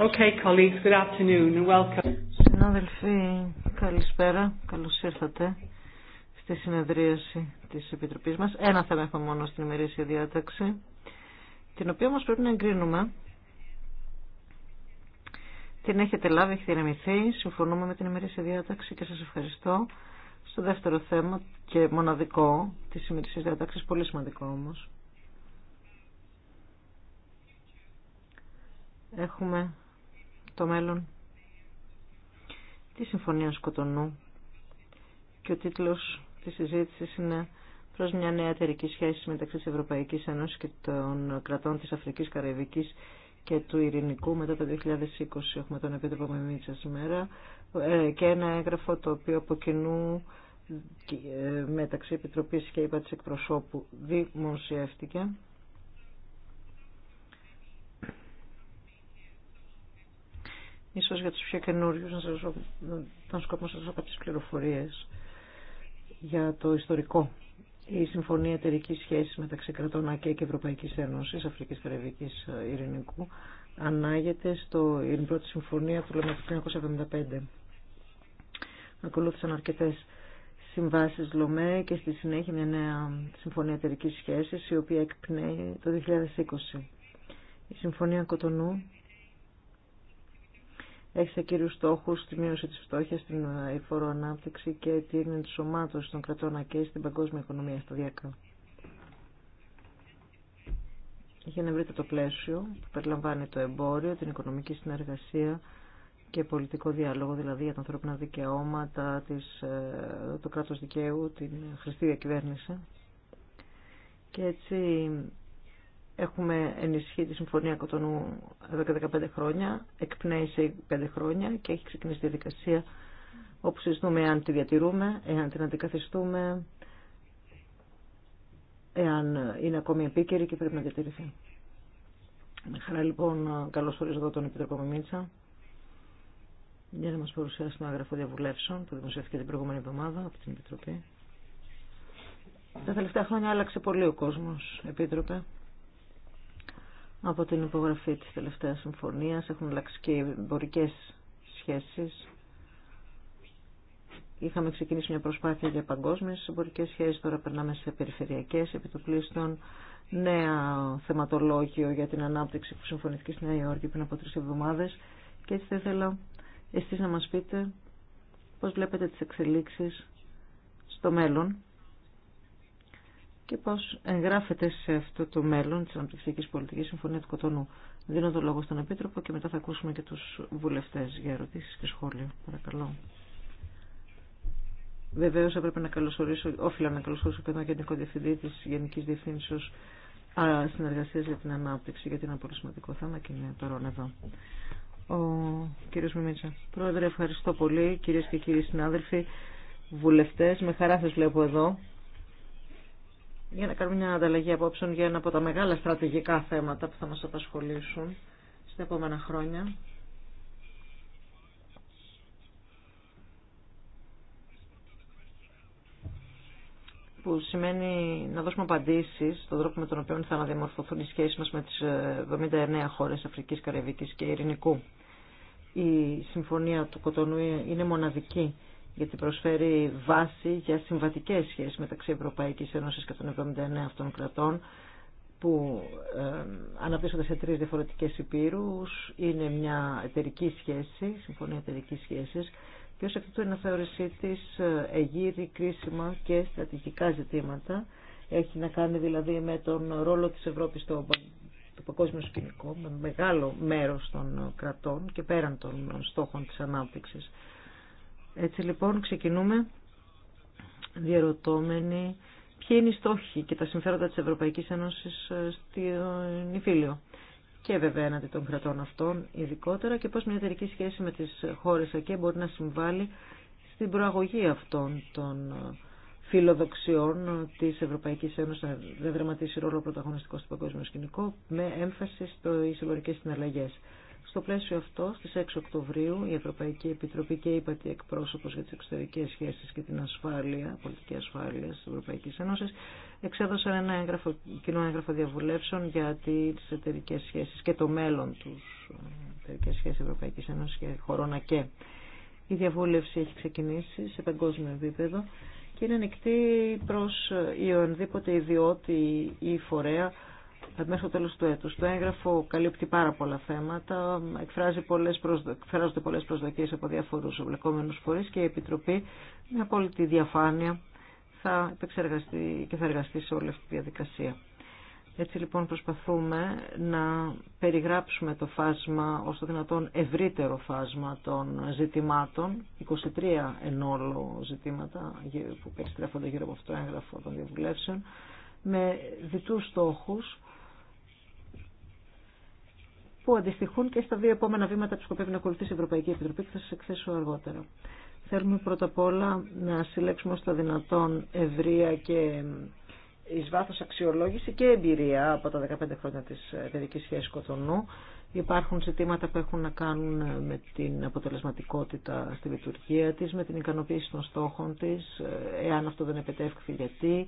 Okay, colleagues, good afternoon and welcome. Συνάδελφοι, καλησπέρα. Καλώ ήρθατε στη συνεδρίαση της Επιτροπής μας. Ένα θέμα έχουμε μόνο στην ημερήσια διάταξη, την οποία όμω πρέπει να εγκρίνουμε. Την έχετε λάβει, έχει δυναμηθεί. Συμφωνούμε με την ημερήσια διάταξη και σας ευχαριστώ. Στο δεύτερο θέμα και μοναδικό τη ημερήσια διάταξη, πολύ σημαντικό όμω. Έχουμε το μέλλον τη Συμφωνία Σκοτωνού και ο τίτλος της συζήτησης είναι προς μια νέα εταιρική σχέση μεταξύ της Ευρωπαϊκής Ένωσης και των κρατών της Αφρικής Καραϊβικής και του Ειρηνικού μετά το 2020 έχουμε τον Επίτροπο Μεμίτσα σήμερα ε, και ένα έγγραφο το οποίο από κοινού ε, μεταξύ Επιτροπής και είπα της εκπροσώπου δημοσιεύτηκε. ίσως για τους πιο καινούριους να σας, τον σκοπό να σας δώσω κάποιες πληροφορίες για το ιστορικό. Η Συμφωνία Εταιρική Σχέση μεταξύ κρατών ΑΚΕ και Ευρωπαϊκή Ένωση, Αφρική Καραϊβική ε, Ειρηνικού, ανάγεται στο, στην πρώτη συμφωνία του 1975. Ακολούθησαν αρκετέ συμβάσει ΛΟΜΕ και στη συνέχεια μια νέα συμφωνία εταιρική σχέση, η οποία εκπνέει το 2020. Η Συμφωνία Κοτονού έχει σε κύριου στόχου, τη μείωση τη φτώχεια, την εφόρο ανάπτυξη και την ενσωμάτωση των κρατών και στην παγκόσμια οικονομία σταδιακά. Για να βρείτε το πλαίσιο που περιλαμβάνει το εμπόριο, την οικονομική συνεργασία και πολιτικό διάλογο, δηλαδή για τα ανθρώπινα δικαιώματα, της, ε, το κράτος δικαίου, την χρηστή διακυβέρνηση. Και έτσι Έχουμε ενισχύει τη Συμφωνία Κοτονού εδώ και 15 χρόνια, εκπνέει σε 5 χρόνια και έχει ξεκινήσει τη διαδικασία όπου συζητούμε εάν τη διατηρούμε, εάν την αντικαθιστούμε, εάν είναι ακόμη επίκαιρη και πρέπει να διατηρηθεί. Με χαρά λοιπόν καλώς ορίζω εδώ τον Επιτροπό Μιμίτσα για να μας παρουσιάσει ένα άγραφο διαβουλεύσεων που δημοσιεύτηκε την προηγούμενη εβδομάδα από την Επιτροπή. Τα τελευταία χρόνια άλλαξε πολύ ο κόσμος, Επίτροπε από την υπογραφή της τελευταίας συμφωνίας. Έχουν αλλάξει και εμπορικέ σχέσεις. Είχαμε ξεκινήσει μια προσπάθεια για παγκόσμιες εμπορικέ σχέσεις, τώρα περνάμε σε περιφερειακές, επί του νέα θεματολόγιο για την ανάπτυξη που συμφωνήθηκε στη Νέα Υόρκη πριν από τρεις εβδομάδες και έτσι θα ήθελα εσείς να μας πείτε πώς βλέπετε τις εξελίξεις στο μέλλον και πώς εγγράφεται σε αυτό το μέλλον της Αναπτυξιακής Πολιτικής Συμφωνία του Κοτονού. Δίνω το λόγο στον Επίτροπο και μετά θα ακούσουμε και τους βουλευτές για ερωτήσεις και σχόλια. Παρακαλώ. Βεβαίως έπρεπε να καλωσορίσω, όφιλα να καλωσορίσω και τον Γενικό Διευθυντή της Γενικής Διευθύνσεως Συνεργασίας για την Ανάπτυξη, γιατί είναι ένα πολύ σημαντικό θέμα και είναι παρόν εδώ. Ο κύριος Μιμίτσα. Πρόεδρε, ευχαριστώ πολύ. Κυρίες και κύριοι συνάδελφοι, βουλευτές, με χαρά σας βλέπω εδώ για να κάνουμε μια ανταλλαγή απόψεων για ένα από τα μεγάλα στρατηγικά θέματα που θα μας απασχολήσουν στα επόμενα χρόνια. που σημαίνει να δώσουμε απαντήσει στον τρόπο με τον οποίο θα αναδιαμορφωθούν οι σχέσει μα με τι 79 ε, χώρε Αφρική, Καραϊβική και Ειρηνικού. Η συμφωνία του Κοτονού είναι μοναδική γιατί προσφέρει βάση για συμβατικές σχέσεις μεταξύ Ευρωπαϊκής Ένωσης και των 79 αυτών κρατών που ε, αναπτύσσονται σε τρεις διαφορετικές υπήρους. Είναι μια εταιρική σχέση, συμφωνία εταιρική σχέσης και ως εκ τούτου η αναθεώρησή της ε, εγείρει κρίσιμα και στρατηγικά ζητήματα. Έχει να κάνει δηλαδή με τον ρόλο της Ευρώπης στο στο παγκόσμιο σκηνικό, με μεγάλο μέρος των κρατών και πέραν των στόχων της ανάπτυξης. Έτσι λοιπόν ξεκινούμε διαρωτώμενοι ποιοι είναι οι στόχοι και τα συμφέροντα της Ευρωπαϊκής Ένωσης ε, στην Ιφίλιο και βέβαια έναντι των κρατών αυτών ειδικότερα και πώς μια εταιρική σχέση με τις χώρες ΑΚΕ μπορεί να συμβάλλει στην προαγωγή αυτών των ε, φιλοδοξιών της Ευρωπαϊκής Ένωσης να δραματίσει ρόλο πρωταγωνιστικό στο παγκόσμιο σκηνικό με έμφαση στις εμπορικές συναλλαγές. Στο πλαίσιο αυτό, στις 6 Οκτωβρίου, η Ευρωπαϊκή Επιτροπή και η Πατή Εκπρόσωπος για τις Εξωτερικές Σχέσεις και την Ασφάλεια, Πολιτική Ασφάλεια της Ευρωπαϊκής Ένωσης, εξέδωσαν ένα έγγραφο, κοινό έγγραφο διαβουλεύσεων για τις εταιρικές σχέσεις και το μέλλον τους ε, εταιρικές σχέσεις Ευρωπαϊκής Ένωσης και χωρών ΑΚΕ. Η διαβούλευση έχει ξεκινήσει σε παγκόσμιο επίπεδο και είναι ανοιχτή προς ιονδήποτε ιδιώτη ή φορέα μέχρι το τέλος του έτους. Το έγγραφο καλύπτει πάρα πολλά θέματα, εκφράζει πολλές προσδο... εκφράζονται πολλές προσδοκίες από διάφορους εμπλεκόμενους φορείς και η Επιτροπή με απόλυτη διαφάνεια θα επεξεργαστεί και θα εργαστεί σε όλη αυτή τη διαδικασία. Έτσι λοιπόν προσπαθούμε να περιγράψουμε το φάσμα, ως το δυνατόν ευρύτερο φάσμα των ζητημάτων, 23 εν όλο ζητήματα που περιστρέφονται γύρω από αυτό το έγγραφο των διαβουλεύσεων, με διτούς στόχους που αντιστοιχούν και στα δύο επόμενα βήματα που σκοπεύει να ακολουθήσει η Ευρωπαϊκή Επιτροπή και θα σας εκθέσω αργότερα. Θέλουμε πρώτα απ' όλα να συλλέξουμε στο δυνατόν ευρεία και ει βάθο αξιολόγηση και εμπειρία από τα 15 χρόνια της εταιρική σχέση Κοτονού. Υπάρχουν ζητήματα που έχουν να κάνουν με την αποτελεσματικότητα στη λειτουργία τη, με την ικανοποίηση των στόχων τη, εάν αυτό δεν επετεύχθη γιατί,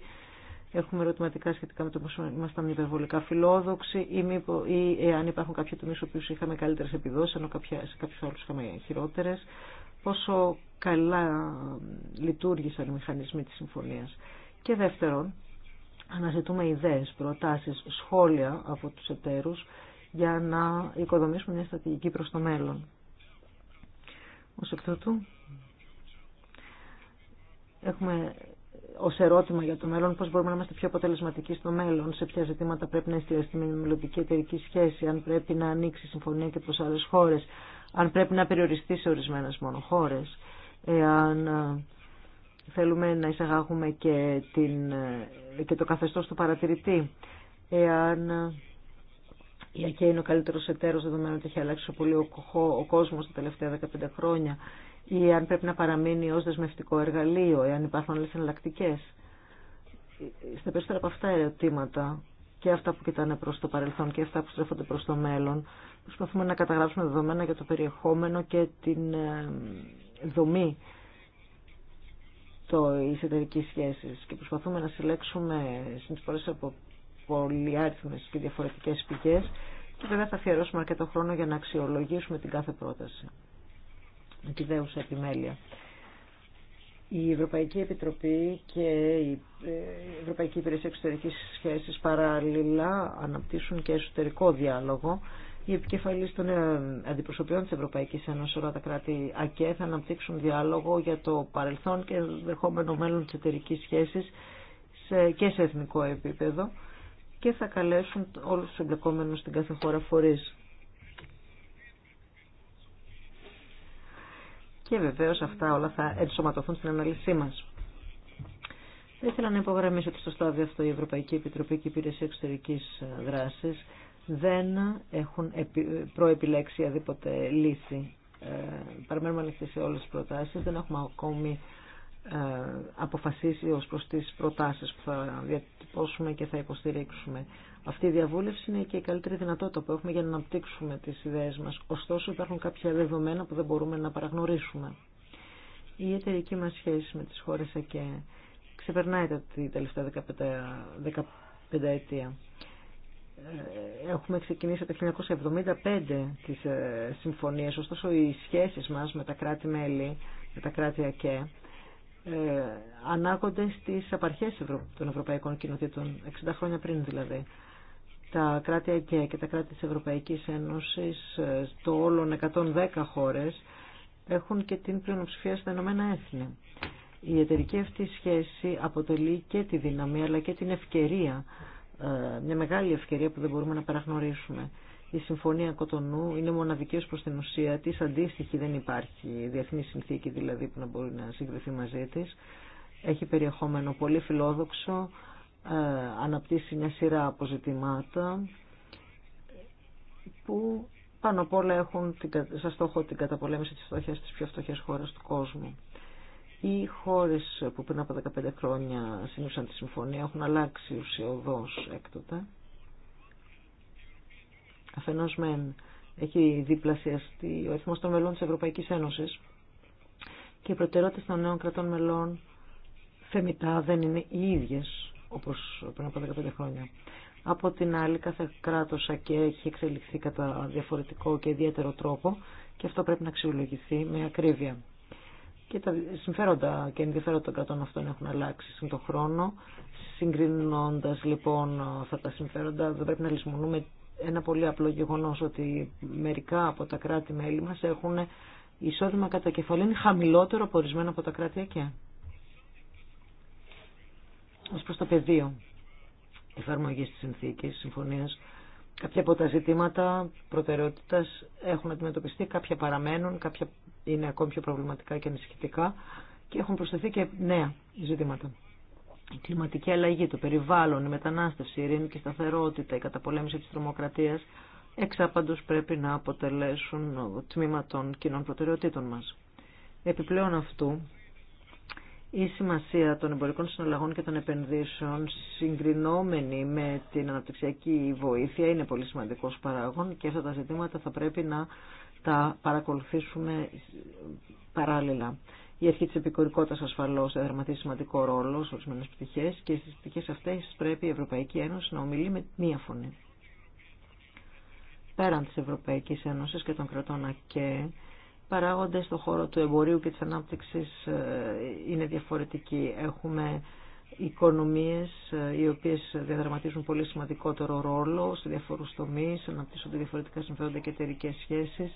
Έχουμε ερωτηματικά σχετικά με το πόσο ήμασταν υπερβολικά φιλόδοξοι ή, μήπως, ή εάν υπάρχουν κάποιοι τομεί στου οποίου είχαμε καλύτερε επιδόσει, ενώ κάποια, σε κάποιου άλλου είχαμε χειρότερε. Πόσο καλά λειτουργήσαν οι μηχανισμοί τη συμφωνία. Και δεύτερον, αναζητούμε ιδέε, προτάσει, σχόλια από του εταίρου για να οικοδομήσουμε μια στρατηγική προ το μέλλον. Ω εκ τούτου, έχουμε Ω ερώτημα για το μέλλον, πώ μπορούμε να είμαστε πιο αποτελεσματικοί στο μέλλον, σε ποια ζητήματα πρέπει να εστιαστεί με μελλοντική εταιρική σχέση, αν πρέπει να ανοίξει συμφωνία και προ άλλε χώρε, αν πρέπει να περιοριστεί σε ορισμένε μόνο χώρε, εάν ε, θέλουμε να εισαγάγουμε και, την, ε, και το καθεστώς του παρατηρητή, εάν ε, η ΑΚΕ είναι ο καλύτερο εταίρος δεδομένου ότι έχει αλλάξει πολύ ο, κόσμο κόσμος τα τελευταία 15 χρόνια, ή αν πρέπει να παραμείνει ως δεσμευτικό εργαλείο, ή αν υπάρχουν άλλες εναλλακτικέ. Στα περισσότερα από αυτά ερωτήματα και αυτά που κοιτάνε προς το παρελθόν και αυτά που στρέφονται προς το μέλλον, προσπαθούμε να καταγράψουμε δεδομένα για το περιεχόμενο και την ε, δομή τη εταιρική σχέση. και προσπαθούμε να συλλέξουμε συνεισφορέ από πολυάριθμες και διαφορετικέ πηγέ και βέβαια θα αφιερώσουμε αρκετό χρόνο για να αξιολογήσουμε την κάθε πρόταση τη επιμέλεια. Η Ευρωπαϊκή Επιτροπή και ε, η Ευρωπαϊκή Υπηρεσία Εξωτερικής Σχέσης παράλληλα αναπτύσσουν και εσωτερικό διάλογο. Οι επικεφαλεί των ε, αντιπροσωπιών της Ευρωπαϊκής Ένωσης, όλα τα κράτη ΑΚΕ, θα αναπτύξουν διάλογο για το παρελθόν και δεχόμενο μέλλον της εταιρικής σχέσης και σε εθνικό επίπεδο και θα καλέσουν όλους τους εμπλεκόμενους στην κάθε χώρα φορεί. και βεβαίως αυτά όλα θα ενσωματωθούν στην αναλυσή μας. Θα ήθελα να υπογραμμίσω ότι στο στάδιο αυτό η Ευρωπαϊκή Επιτροπή και η Υπηρεσία Εξωτερική δράση δεν έχουν προεπιλέξει αδίποτε λύση. Ε, παραμένουμε ανοιχτοί σε όλε τι προτάσεις, δεν έχουμε ακόμη ε, αποφασίσει ως προς τις προτάσεις που θα διατυπώσουμε και θα υποστηρίξουμε. Αυτή η διαβούλευση είναι και η καλύτερη δυνατότητα που έχουμε για να αναπτύξουμε τις ιδέες μας. Ωστόσο υπάρχουν κάποια δεδομένα που δεν μπορούμε να παραγνωρίσουμε. Η εταιρική μας σχέση με τις χώρες ΑΚΕ ξεπερνάει τα τελευταία 15, 15 ετία. Έχουμε ξεκινήσει από το 1975 τις ε, συμφωνίες, ωστόσο οι σχέσεις μας με τα κράτη-μέλη, με τα κράτη ΑΚΕ, ε, ανάγονται στις απαρχές των Ευρωπαϊκών Κοινοτήτων, 60 χρόνια πριν δηλαδή. Τα κράτη ΑΚΕ και τα κράτη της Ευρωπαϊκής Ένωσης, ε, το όλων 110 χώρες, έχουν και την πλειονοψηφία στα Ηνωμένα Έθνη. Η εταιρική αυτή σχέση αποτελεί και τη δύναμη αλλά και την ευκαιρία, ε, μια μεγάλη ευκαιρία που δεν μπορούμε να παραγνωρίσουμε η Συμφωνία Κοτονού είναι μοναδική ω προ την ουσία τη. αντίστοιχη δεν υπάρχει διεθνή συνθήκη δηλαδή που να μπορεί να συγκριθεί μαζί τη. Έχει περιεχόμενο πολύ φιλόδοξο, ε, αναπτύσσει μια σειρά αποζητημάτων που πάνω απ' όλα έχουν σαν στόχο την καταπολέμηση της φτώχειας στις πιο φτωχέ χώρες του κόσμου. Οι χώρες που πριν από 15 χρόνια συνήθισαν τη συμφωνία έχουν αλλάξει ουσιοδός έκτοτε. Αφενός μεν έχει διπλασιαστεί ο αριθμό των μελών της Ευρωπαϊκής Ένωσης και οι προτεραιότητες των νέων κρατών μελών θεμητά δεν είναι οι ίδιες όπως πριν από 15 χρόνια. Από την άλλη κάθε κράτος ΑΚΕ έχει εξελιχθεί κατά διαφορετικό και ιδιαίτερο τρόπο και αυτό πρέπει να αξιολογηθεί με ακρίβεια. Και τα συμφέροντα και ενδιαφέροντα των κρατών αυτών έχουν αλλάξει στον χρόνο. Συγκρινώντα λοιπόν αυτά τα συμφέροντα, δεν πρέπει να λησμονούμε ένα πολύ απλό γεγονός ότι μερικά από τα κράτη-μέλη μας έχουν εισόδημα κατά κεφαλήν χαμηλότερο από ορισμένα από τα κράτη ΑΚΕ. Ως προς το πεδίο εφαρμογή της συνθήκης, συμφωνίας, κάποια από τα ζητήματα προτεραιότητας έχουν αντιμετωπιστεί, κάποια παραμένουν, κάποια είναι ακόμη πιο προβληματικά και ανησυχητικά και έχουν προσθεθεί και νέα ζητήματα η κλιματική αλλαγή, το περιβάλλον, η μετανάστευση, η ειρήνη και η σταθερότητα, η καταπολέμηση της τρομοκρατίας, εξάπαντος πρέπει να αποτελέσουν τμήμα των κοινών προτεραιοτήτων μας. Επιπλέον αυτού, η σημασία των εμπορικών συναλλαγών και των επενδύσεων συγκρινόμενη με την αναπτυξιακή βοήθεια είναι πολύ σημαντικός παράγον και αυτά τα ζητήματα θα πρέπει να τα παρακολουθήσουμε παράλληλα. Η αρχή τη επικουρικότητα ασφαλώ θα δραματίσει σημαντικό ρόλο σε ορισμένε πτυχέ και στι πτυχέ αυτέ πρέπει η Ευρωπαϊκή Ένωση να ομιλεί με μία φωνή. Πέραν τη Ευρωπαϊκή Ένωση και των κρατών ΑΚΕ, παράγοντε στον χώρο του εμπορίου και της ανάπτυξης ε, είναι διαφορετικοί. Έχουμε οικονομίες ε, οι οποίε διαδραματίζουν πολύ σημαντικότερο ρόλο σε διαφορού τομεί, αναπτύσσονται διαφορετικά συμφέροντα και εταιρικέ σχέσει.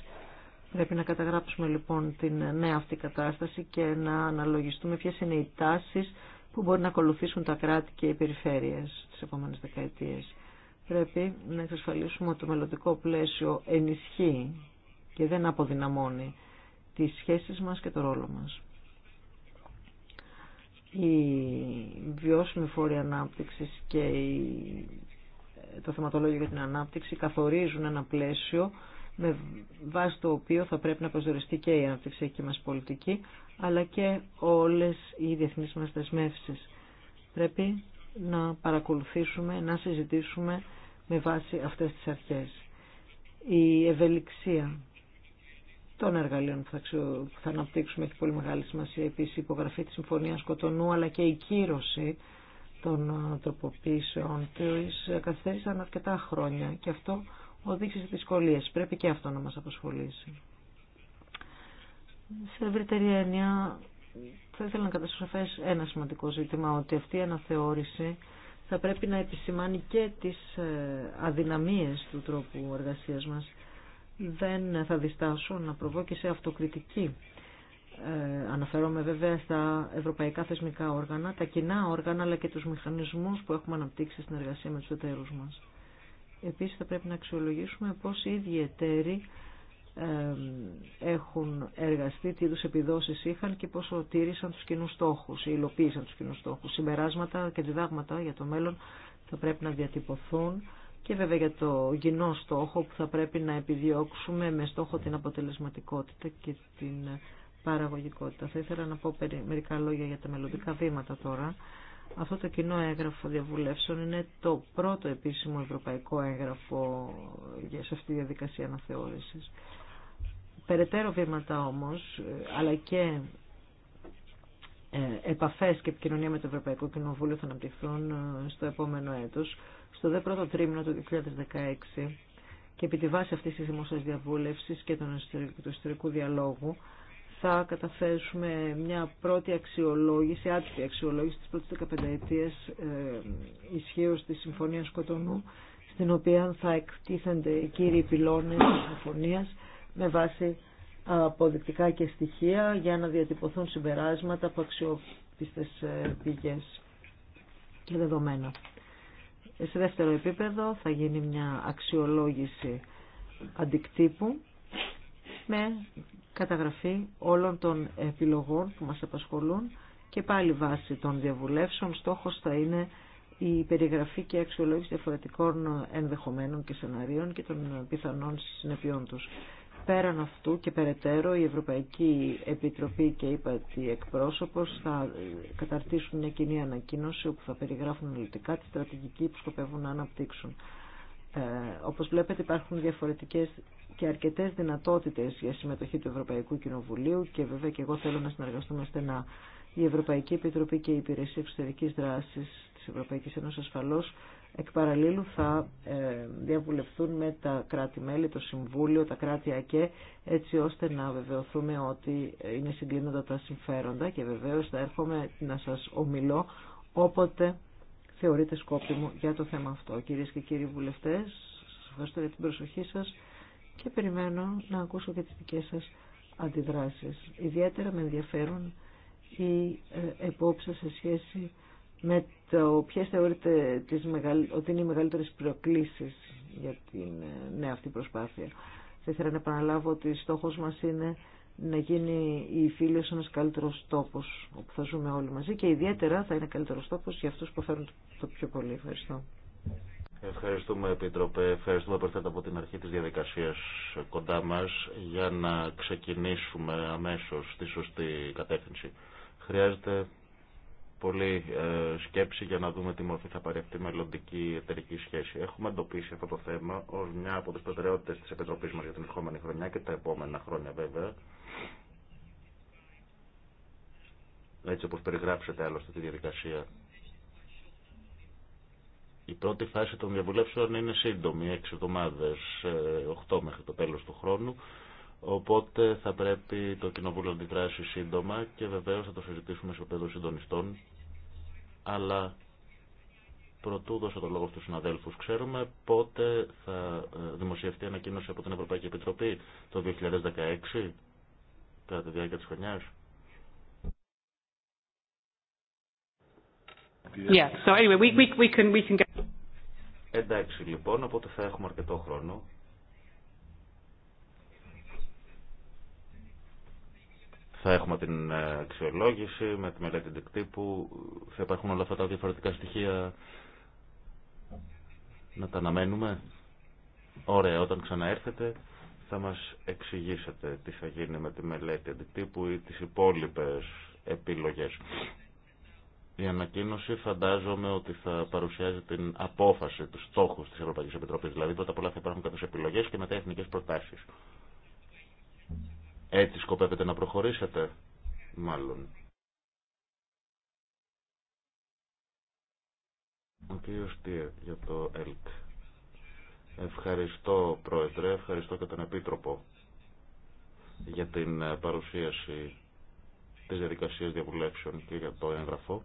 Πρέπει να καταγράψουμε λοιπόν την ε, νέα αυτή κατάσταση και να αναλογιστούμε ποιες είναι οι τάσεις που μπορεί να ακολουθήσουν τα κράτη και οι περιφέρειες τι επόμενες δεκαετίες. Πρέπει να εξασφαλίσουμε ότι το μελλοντικό πλαίσιο ενισχύει και δεν αποδυναμώνει τις σχέσεις μας και το ρόλο μας. Η βιώσιμη φόρη ανάπτυξης και ε, το θεματολόγιο για την ανάπτυξη καθορίζουν ένα πλαίσιο με βάση το οποίο θα πρέπει να προσδιοριστεί και η αναπτυξιακή μας πολιτική, αλλά και όλες οι διεθνείς μας δεσμεύσεις. Πρέπει να παρακολουθήσουμε, να συζητήσουμε με βάση αυτές τις αρχές. Η ευελιξία των εργαλείων που θα αναπτύξουμε έχει πολύ μεγάλη σημασία. Επίσης η υπογραφή της Συμφωνίας Κοτονού αλλά και η κύρωση των τροποποιήσεων της αρκετά χρόνια και αυτό οδήγησε σε δυσκολίε. Πρέπει και αυτό να μας απασχολήσει. Σε ευρύτερη έννοια, θα ήθελα να καταστήσω ένα σημαντικό ζήτημα, ότι αυτή η αναθεώρηση θα πρέπει να επισημάνει και τις ε, αδυναμίες του τρόπου εργασίας μας. Δεν θα διστάσω να προβώ και σε αυτοκριτική. Ε, αναφέρομαι βέβαια στα ευρωπαϊκά θεσμικά όργανα, τα κοινά όργανα αλλά και τους μηχανισμούς που έχουμε αναπτύξει στην εργασία με τους εταίρους μας. Επίσης θα πρέπει να αξιολογήσουμε πώς οι ίδιοι εταίροι έχουν εργαστεί, τι είδους επιδόσεις είχαν και πόσο τήρησαν τους κοινούς στόχους ή υλοποίησαν τους κοινούς στόχους. Συμπεράσματα και διδάγματα για το μέλλον θα πρέπει να διατυπωθούν και βέβαια για το κοινό στόχο που θα πρέπει να επιδιώξουμε με στόχο την αποτελεσματικότητα και την παραγωγικότητα. Θα ήθελα να πω μερικά λόγια για τα μελλοντικά βήματα τώρα. Αυτό το κοινό έγγραφο διαβουλεύσεων είναι το πρώτο επίσημο ευρωπαϊκό έγγραφο για σε αυτή τη διαδικασία αναθεώρησης. Περαιτέρω βήματα όμως, ε, αλλά και ε, επαφές και επικοινωνία με το Ευρωπαϊκό Κοινοβούλιο θα αναπτυχθούν ε, στο επόμενο έτος, στο δε πρώτο τρίμηνο του 2016 και επί τη βάση αυτής της δημόσιας διαβούλευσης και του ιστορικού διαλόγου θα καταθέσουμε μια πρώτη αξιολόγηση, άτυπη αξιολόγηση της πρώτης 15 ετίας ε, ισχύως της Συμφωνίας Κοτονού, στην οποία θα εκτίθενται οι κύριοι πυλώνες της Συμφωνίας με βάση αποδεικτικά και στοιχεία για να διατυπωθούν συμπεράσματα από αξιόπιστες ε, πηγές και δεδομένα. Σε δεύτερο επίπεδο θα γίνει μια αξιολόγηση αντικτύπου με καταγραφή όλων των επιλογών που μας απασχολούν και πάλι βάση των διαβουλεύσεων στόχος θα είναι η περιγραφή και αξιολόγηση διαφορετικών ενδεχομένων και σενάριων και των πιθανών συνεπειών τους. Πέραν αυτού και περαιτέρω η Ευρωπαϊκή Επιτροπή και η ΕΠΑΤΗ εκπρόσωπος θα καταρτήσουν μια κοινή ανακοίνωση όπου θα περιγράφουν αναλυτικά τη στρατηγική που σκοπεύουν να αναπτύξουν. Ε, όπως βλέπετε υπάρχουν διαφορετικές και αρκετές δυνατότητες για συμμετοχή του Ευρωπαϊκού Κοινοβουλίου και βέβαια και εγώ θέλω να συνεργαστούμε στενά. Η Ευρωπαϊκή Επιτροπή και η Υπηρεσία Εξωτερικής Δράσης της Ευρωπαϊκής Ένωσης ασφαλώς εκ παραλλήλου θα ε, διαβουλευτούν με τα κράτη-μέλη, το Συμβούλιο, τα κράτη και έτσι ώστε να βεβαιωθούμε ότι είναι συγκλίνοντα τα συμφέροντα και βεβαίως θα έρχομαι να σας ομιλώ όποτε θεωρείτε σκόπιμο για το θέμα αυτό. Κυρίες και κύριοι βουλευτές, σας ευχαριστώ για την προσοχή σας και περιμένω να ακούσω και τις δικές σας αντιδράσεις. Ιδιαίτερα με ενδιαφέρουν οι ε, επόψεις σε σχέση με το ποιε θεωρείτε τις μεγαλ... ότι είναι οι μεγαλύτερες προκλήσεις για την ε, νέα αυτή προσπάθεια. Θα ήθελα να επαναλάβω ότι στόχος μας είναι να γίνει η Φίλες ένας καλύτερος τόπος όπου θα ζούμε όλοι μαζί και ιδιαίτερα θα είναι καλύτερος τόπος για αυτούς που φέρουν το πιο πολύ. Ευχαριστώ. Ευχαριστούμε, Επίτροπε. Ευχαριστούμε που από την αρχή της διαδικασίας κοντά μας για να ξεκινήσουμε αμέσως στη σωστή κατεύθυνση. Χρειάζεται πολύ ε, σκέψη για να δούμε τι μορφή θα πάρει αυτή η μελλοντική εταιρική σχέση. Έχουμε εντοπίσει αυτό το θέμα ως μια από τις προτεραιότητες της Επιτροπής μας για την ερχόμενη χρονιά και τα επόμενα χρόνια βέβαια. Έτσι όπως περιγράψετε άλλωστε τη διαδικασία η πρώτη φάση των διαβουλεύσεων είναι σύντομη, έξι εβδομάδες, 8 ε, μέχρι το τέλος του χρόνου, οπότε θα πρέπει το Κοινοβούλιο να αντιδράσει σύντομα και βεβαίως θα το συζητήσουμε σε επίπεδο συντονιστών, αλλά πρωτού δώσω το λόγο στους συναδέλφους. Ξέρουμε πότε θα ε, δημοσιευτεί ανακοίνωση από την Ευρωπαϊκή Επιτροπή το 2016, κατά τη διάρκεια της χρονιάς. Yeah, so anyway, we, we, we can, we Εντάξει λοιπόν, οπότε θα έχουμε αρκετό χρόνο. Θα έχουμε την ε, αξιολόγηση με τη μελέτη εντεκτύπου. Θα υπάρχουν όλα αυτά τα διαφορετικά στοιχεία να τα αναμένουμε. Ωραία, όταν ξαναέρθετε θα μας εξηγήσετε τι θα γίνει με τη μελέτη αντικτύπου ή τις υπόλοιπες επιλογές. Η ανακοίνωση φαντάζομαι ότι θα παρουσιάζει την απόφαση, του στόχου τη Ευρωπαϊκή Επιτροπή. Δηλαδή, πρώτα απ' όλα θα υπάρχουν κάποιε επιλογέ και μετά εθνικέ προτάσει. Έτσι σκοπεύετε να προχωρήσετε, μάλλον. Ο κύριος Τιε για το ΕΛΚ. Ευχαριστώ, Πρόεδρε, ευχαριστώ και τον Επίτροπο για την παρουσίαση τις διαδικασίες διαβουλεύσεων και για το έγγραφο.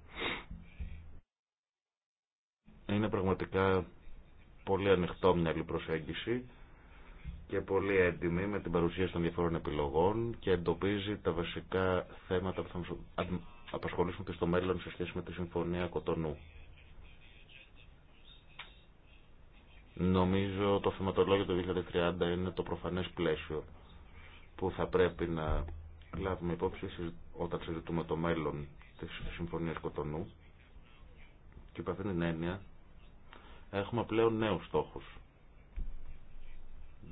Είναι πραγματικά πολύ ανοιχτό μια προσέγγιση και πολύ έντιμη με την παρουσίαση των διαφορών επιλογών και εντοπίζει τα βασικά θέματα που θα απασχολήσουν και στο μέλλον σε σχέση με τη Συμφωνία Κοτονού. Νομίζω το θεματολόγιο του 2030 είναι το προφανές πλαίσιο που θα πρέπει να λάβουμε υπόψη όταν συζητούμε το μέλλον της Συμφωνίας Κοτονού και υπ' αυτήν την έννοια έχουμε πλέον νέους στόχους.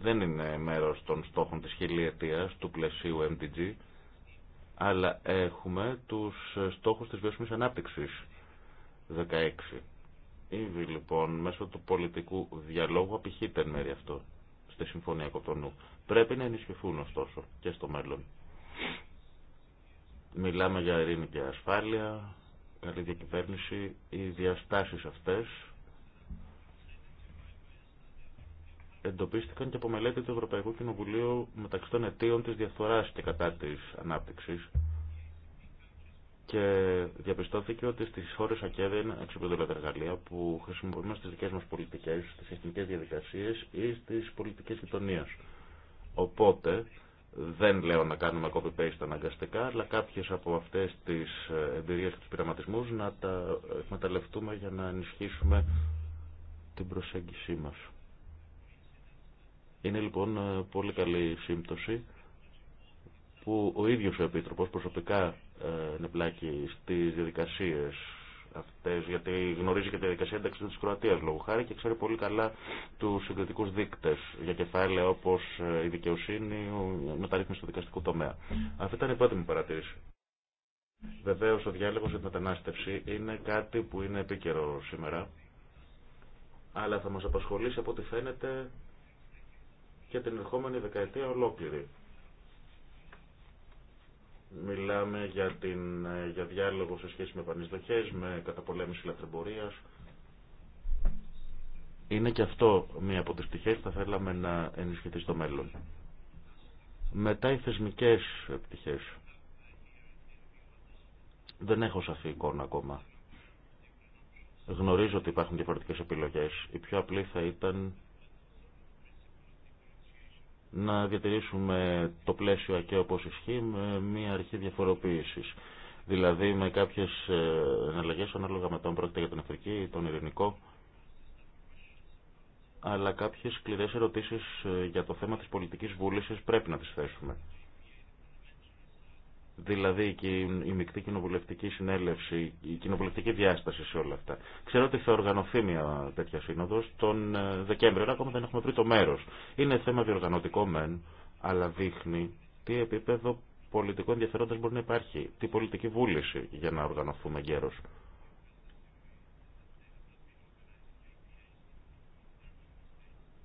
Δεν είναι μέρος των στόχων της χιλιετίας, του πλαισίου MDG, αλλά έχουμε τους στόχους της βιώσιμης ανάπτυξης 16. Ήδη λοιπόν μέσω του πολιτικού διαλόγου απηχείται εν αυτό στη Συμφωνία Κοτονού. Πρέπει να ενισχυθούν ωστόσο και στο μέλλον. Μιλάμε για ειρήνη και ασφάλεια, καλή διακυβέρνηση, οι διαστάσεις αυτές εντοπίστηκαν και από μελέτη του Ευρωπαϊκού Κοινοβουλίου μεταξύ των αιτίων της διαφθοράς και κατά της ανάπτυξης και διαπιστώθηκε ότι στις χώρες ΑΚΕ είναι εξυπηρετούν τα που χρησιμοποιούμε στις δικές μας πολιτικές, στις εθνικές διαδικασίες ή στις πολιτικές γειτονία. Οπότε, δεν λέω να κάνουμε copy-paste αναγκαστικά, αλλά κάποιες από αυτές τις ε, εμπειρίες και τους πειραματισμούς να τα εκμεταλλευτούμε για να ενισχύσουμε την προσέγγιση μας. Είναι λοιπόν ε, πολύ καλή σύμπτωση που ο ίδιος ο Επίτροπος προσωπικά είναι πλάκη στις διαδικασίες αυτέ, γιατί γνωρίζει και τη διαδικασία ένταξη τη Κροατία λόγω χάρη και ξέρει πολύ καλά του συγκριτικού δείκτε για κεφάλαια όπω ε, η δικαιοσύνη, η μεταρρύθμιση του δικαστικού τομέα. Αυτή ήταν η πρώτη μου παρατήρηση. Βεβαίω, ο διάλογο για τη μετανάστευση είναι κάτι που είναι επίκαιρο σήμερα, αλλά θα μα απασχολήσει από ό,τι φαίνεται και την ερχόμενη δεκαετία ολόκληρη. Μιλάμε για, την, για διάλογο σε σχέση με πανεισδοχές, με καταπολέμηση λατρεμπορίας. Είναι και αυτό μία από τις πτυχές που θα θέλαμε να ενισχυθεί στο μέλλον. Μετά οι θεσμικές πτυχές. Δεν έχω σαφή εικόνα ακόμα. Γνωρίζω ότι υπάρχουν διαφορετικές επιλογές. Η πιο απλή θα ήταν να διατηρήσουμε το πλαίσιο ακαίο όπως ισχύει με μια αρχή διαφοροποίησης. Δηλαδή με κάποιες ε, εναλλαγές ανάλογα με το αν πρόκειται για τον Αφρική ή τον Ειρηνικό αλλά κάποιες σκληρές ερωτήσεις ε, για το θέμα της πολιτικής βούλησης πρέπει να τις θέσουμε δηλαδή η μεικτή κοινοβουλευτική συνέλευση, η κοινοβουλευτική διάσταση σε όλα αυτά. Ξέρω ότι θα οργανωθεί μια τέτοια σύνοδο τον ε, Δεκέμβριο, αλλά ακόμα δεν έχουμε βρει το μέρο. Είναι θέμα διοργανωτικό μεν, αλλά δείχνει τι επίπεδο πολιτικού ενδιαφέροντα μπορεί να υπάρχει, τι πολιτική βούληση για να οργανωθούμε γέρο.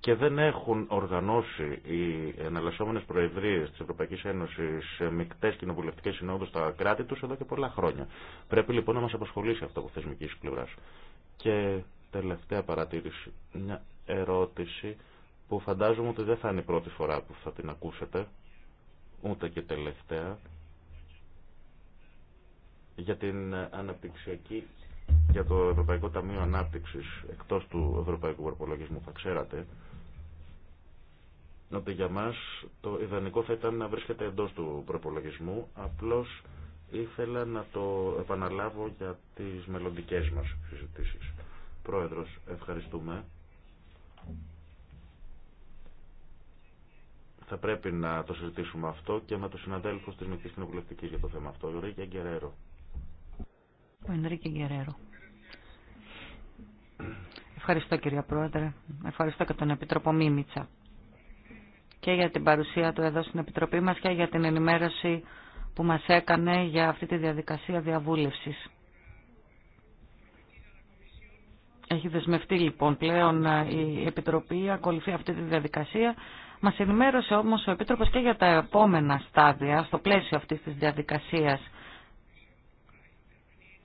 και δεν έχουν οργανώσει οι εναλλασσόμενε προεδρίε τη Ευρωπαϊκή Ένωση μεικτέ κοινοβουλευτικέ συνόδου στα κράτη του εδώ και πολλά χρόνια. Πρέπει λοιπόν να μα απασχολήσει αυτό από θεσμική πλευρά. Και τελευταία παρατήρηση. Μια ερώτηση που φαντάζομαι ότι δεν θα είναι η πρώτη φορά που θα την ακούσετε, ούτε και τελευταία, για την αναπτυξιακή για το Ευρωπαϊκό Ταμείο Ανάπτυξης εκτός του Ευρωπαϊκού Προπολογισμού θα ξέρατε ότι για μας το ιδανικό θα ήταν να βρίσκεται εντός του προπολογισμού, απλώς ήθελα να το επαναλάβω για τις μελλοντικέ μας συζητήσεις. Πρόεδρος, ευχαριστούμε. Θα πρέπει να το συζητήσουμε αυτό και με τους συναδέλφους της Μικρής Κοινοβουλευτικής για το θέμα αυτό. Ο Γκερέρο. Ο Γκερέρο. Ευχαριστώ κύριε Πρόεδρε. Ευχαριστώ και τον Επίτροπο Μίμητσα και για την παρουσία του εδώ στην Επιτροπή μας και για την ενημέρωση που μας έκανε για αυτή τη διαδικασία διαβούλευσης. Έχει δεσμευτεί λοιπόν πλέον ε, η Επιτροπή, ακολουθεί αυτή τη διαδικασία. Μας ενημέρωσε όμως ο Επίτροπος και για τα επόμενα στάδια στο πλαίσιο αυτής της διαδικασίας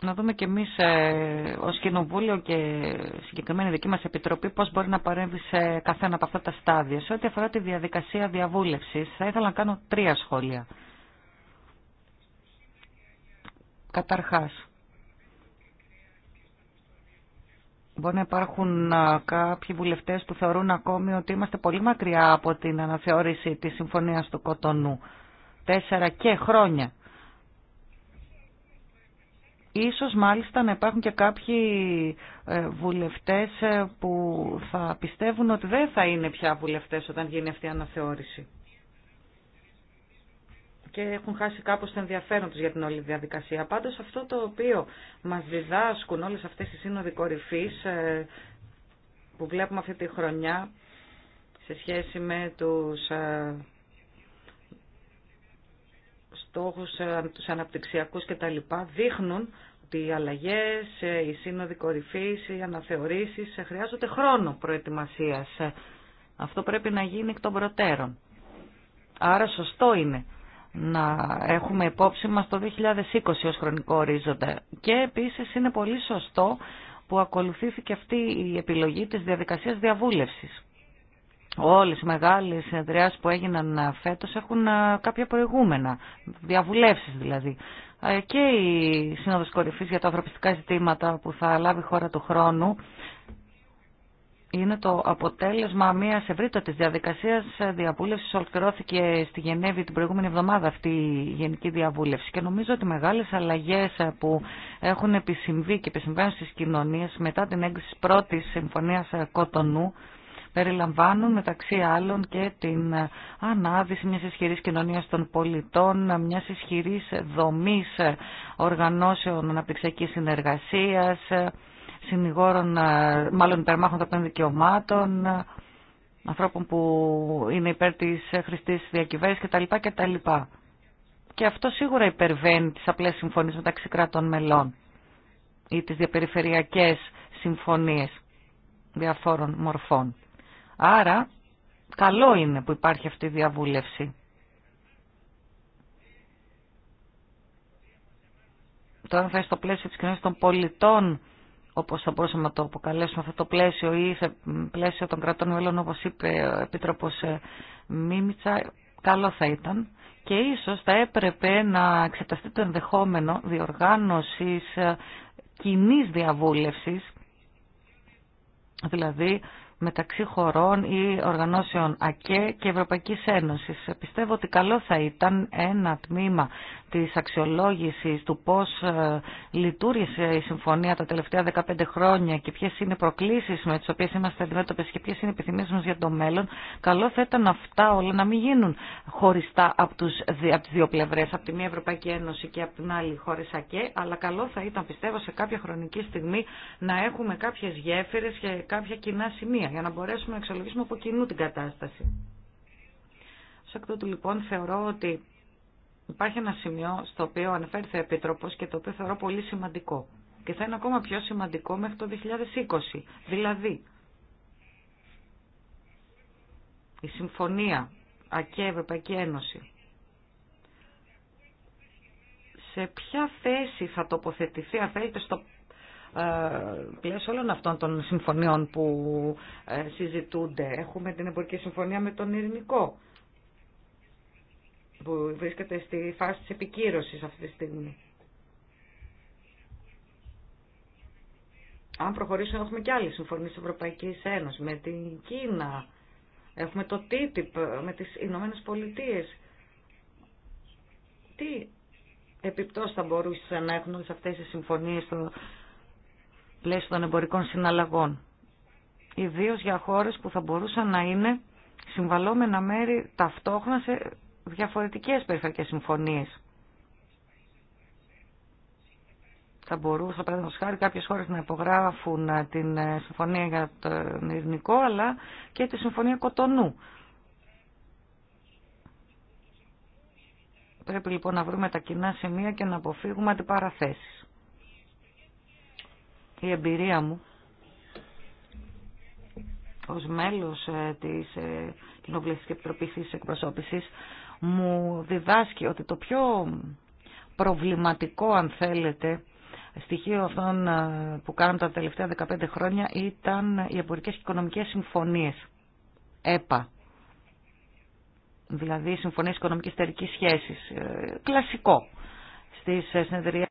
να δούμε και εμείς ε, ως Κοινοβούλιο και συγκεκριμένη δική μας Επιτροπή πώς μπορεί να παρέμβει σε καθένα από αυτά τα στάδια. Σε ό,τι αφορά τη διαδικασία διαβούλευσης θα ήθελα να κάνω τρία σχόλια. Καταρχάς, Μπορεί να υπάρχουν κάποιοι βουλευτές που θεωρούν ακόμη ότι είμαστε πολύ μακριά από την αναθεώρηση της Συμφωνίας του Κοτονού. Τέσσερα και χρόνια Ίσως μάλιστα να υπάρχουν και κάποιοι ε, βουλευτές ε, που θα πιστεύουν ότι δεν θα είναι πια βουλευτές όταν γίνει αυτή η αναθεώρηση. Και έχουν χάσει κάπως το ενδιαφέρον τους για την όλη διαδικασία. Πάντως αυτό το οποίο μας διδάσκουν όλες αυτές οι σύνοδοι κορυφής ε, που βλέπουμε αυτή τη χρονιά σε σχέση με τους στόχους, ε, τους αναπτυξιακούς κτλ. δείχνουν ότι οι αλλαγές, ε, οι σύνοδοι κορυφής, οι αναθεωρήσεις ε, χρειάζονται χρόνο προετοιμασίας. Αυτό πρέπει να γίνει εκ των προτέρων. Άρα σωστό είναι να έχουμε υπόψη μας το 2020 ως χρονικό ορίζοντα. Και επίσης είναι πολύ σωστό που ακολουθήθηκε αυτή η επιλογή της διαδικασίας διαβούλευσης όλες οι μεγάλες συνεδριάσεις που έγιναν φέτος έχουν κάποια προηγούμενα, διαβουλεύσεις δηλαδή. Ε, και η Σύνοδος Κορυφής για τα ανθρωπιστικά ζητήματα που θα λάβει χώρα του χρόνου είναι το αποτέλεσμα μιας ευρύτατης διαδικασίας διαβούλευσης. Ολοκληρώθηκε στη Γενέβη την προηγούμενη εβδομάδα αυτή η γενική διαβούλευση και νομίζω ότι μεγάλες αλλαγές που έχουν επισυμβεί και επισυμβαίνουν στις κοινωνίες μετά την έγκριση πρώτης συμφωνίας Κοτονού περιλαμβάνουν μεταξύ άλλων και την ανάδυση μιας ισχυρής κοινωνίας των πολιτών, μιας ισχυρής δομής οργανώσεων αναπτυξιακής συνεργασίας, συνηγόρων, μάλλον υπερμάχων των δικαιωμάτων, ανθρώπων που είναι υπέρ της χρηστής διακυβέρνησης κτλ. κτλ. Και αυτό σίγουρα υπερβαίνει τις απλές συμφωνίες μεταξύ κρατών μελών ή τις διαπεριφερειακές συμφωνίες διαφόρων μορφών. Άρα, καλό είναι που υπάρχει αυτή η διαβούλευση. Τώρα θα στο πλαίσιο της κοινωνίας των πολιτών, όπως θα μπορούσαμε να το αποκαλέσουμε αυτό το πλαίσιο ή σε πλαίσιο των κρατών μελών, όπως είπε ο Επίτροπος ε, Μίμητσα, καλό θα ήταν. Και ίσως θα έπρεπε να εξεταστεί το ενδεχόμενο διοργάνωσης ε, κοινή διαβούλευσης, δηλαδή μεταξύ χωρών ή οργανώσεων ΑΚΕ και Ευρωπαϊκής Ένωσης. Πιστεύω ότι καλό θα ήταν ένα τμήμα της αξιολόγησης του πώς ε, λειτουργήσε η συμφωνία τα τελευταία 15 χρόνια και ποιες είναι οι προκλήσεις με τις οποίες είμαστε αντιμέτωπες και ποιες είναι οι επιθυμίες μας για το μέλλον. Καλό θα ήταν αυτά όλα να μην γίνουν χωριστά από, τους, τις δύο πλευρές, από τη μία Ευρωπαϊκή Ένωση και από την άλλη χώρες ΑΚΕ, αλλά καλό θα ήταν πιστεύω σε κάποια χρονική στιγμή να έχουμε κάποιες γέφυρες και κάποια κοινά σημεία για να μπορέσουμε να εξολογήσουμε από κοινού την κατάσταση. Σε αυτό του λοιπόν θεωρώ ότι υπάρχει ένα σημείο στο οποίο αναφέρθηκε ο και το οποίο θεωρώ πολύ σημαντικό. Και θα είναι ακόμα πιο σημαντικό μέχρι το 2020. Δηλαδή, η Συμφωνία ΑΚΕ Ευρωπαϊκή Ένωση σε ποια θέση θα τοποθετηθεί, αν θέλετε, στο ε, πλαίσιο όλων αυτών των συμφωνιών που ε, συζητούνται. Έχουμε την εμπορική συμφωνία με τον Ειρηνικό που βρίσκεται στη φάση της επικύρωσης αυτή τη στιγμή. Αν προχωρήσουμε έχουμε και άλλες συμφωνίες της Ευρωπαϊκής Ένωσης με την Κίνα, έχουμε το TTIP με τις Ηνωμένε Πολιτείες. Τι επιπτώσεις θα μπορούσαν να έχουν όλες αυτές οι συμφωνίες πλαίσιο των εμπορικών συναλλαγών. Ιδίω για χώρε που θα μπορούσαν να είναι συμβαλόμενα μέρη ταυτόχρονα σε διαφορετικές περιφερειακέ συμφωνίες. Θα μπορούσαν, παραδείγματο χάρη, κάποιε χώρε να υπογράφουν ε, την ε, συμφωνία για τον ειρηνικό, αλλά και τη συμφωνία Κοτονού. Πρέπει λοιπόν να βρούμε τα κοινά σημεία και να αποφύγουμε αντιπαραθέσεις η εμπειρία μου ως μέλος ε, της ε, Κοινοβουλευτικής Επιτροπής της Εκπροσώπησης μου διδάσκει ότι το πιο προβληματικό αν θέλετε στοιχείο αυτών ε, που κάναμε τα τελευταία 15 χρόνια ήταν οι εμπορικές και οικονομικές συμφωνίες. ΕΠΑ. Δηλαδή συμφωνίες οικονομικής εταιρικής σχέσης. Κλασικό. Στις συνεδρίες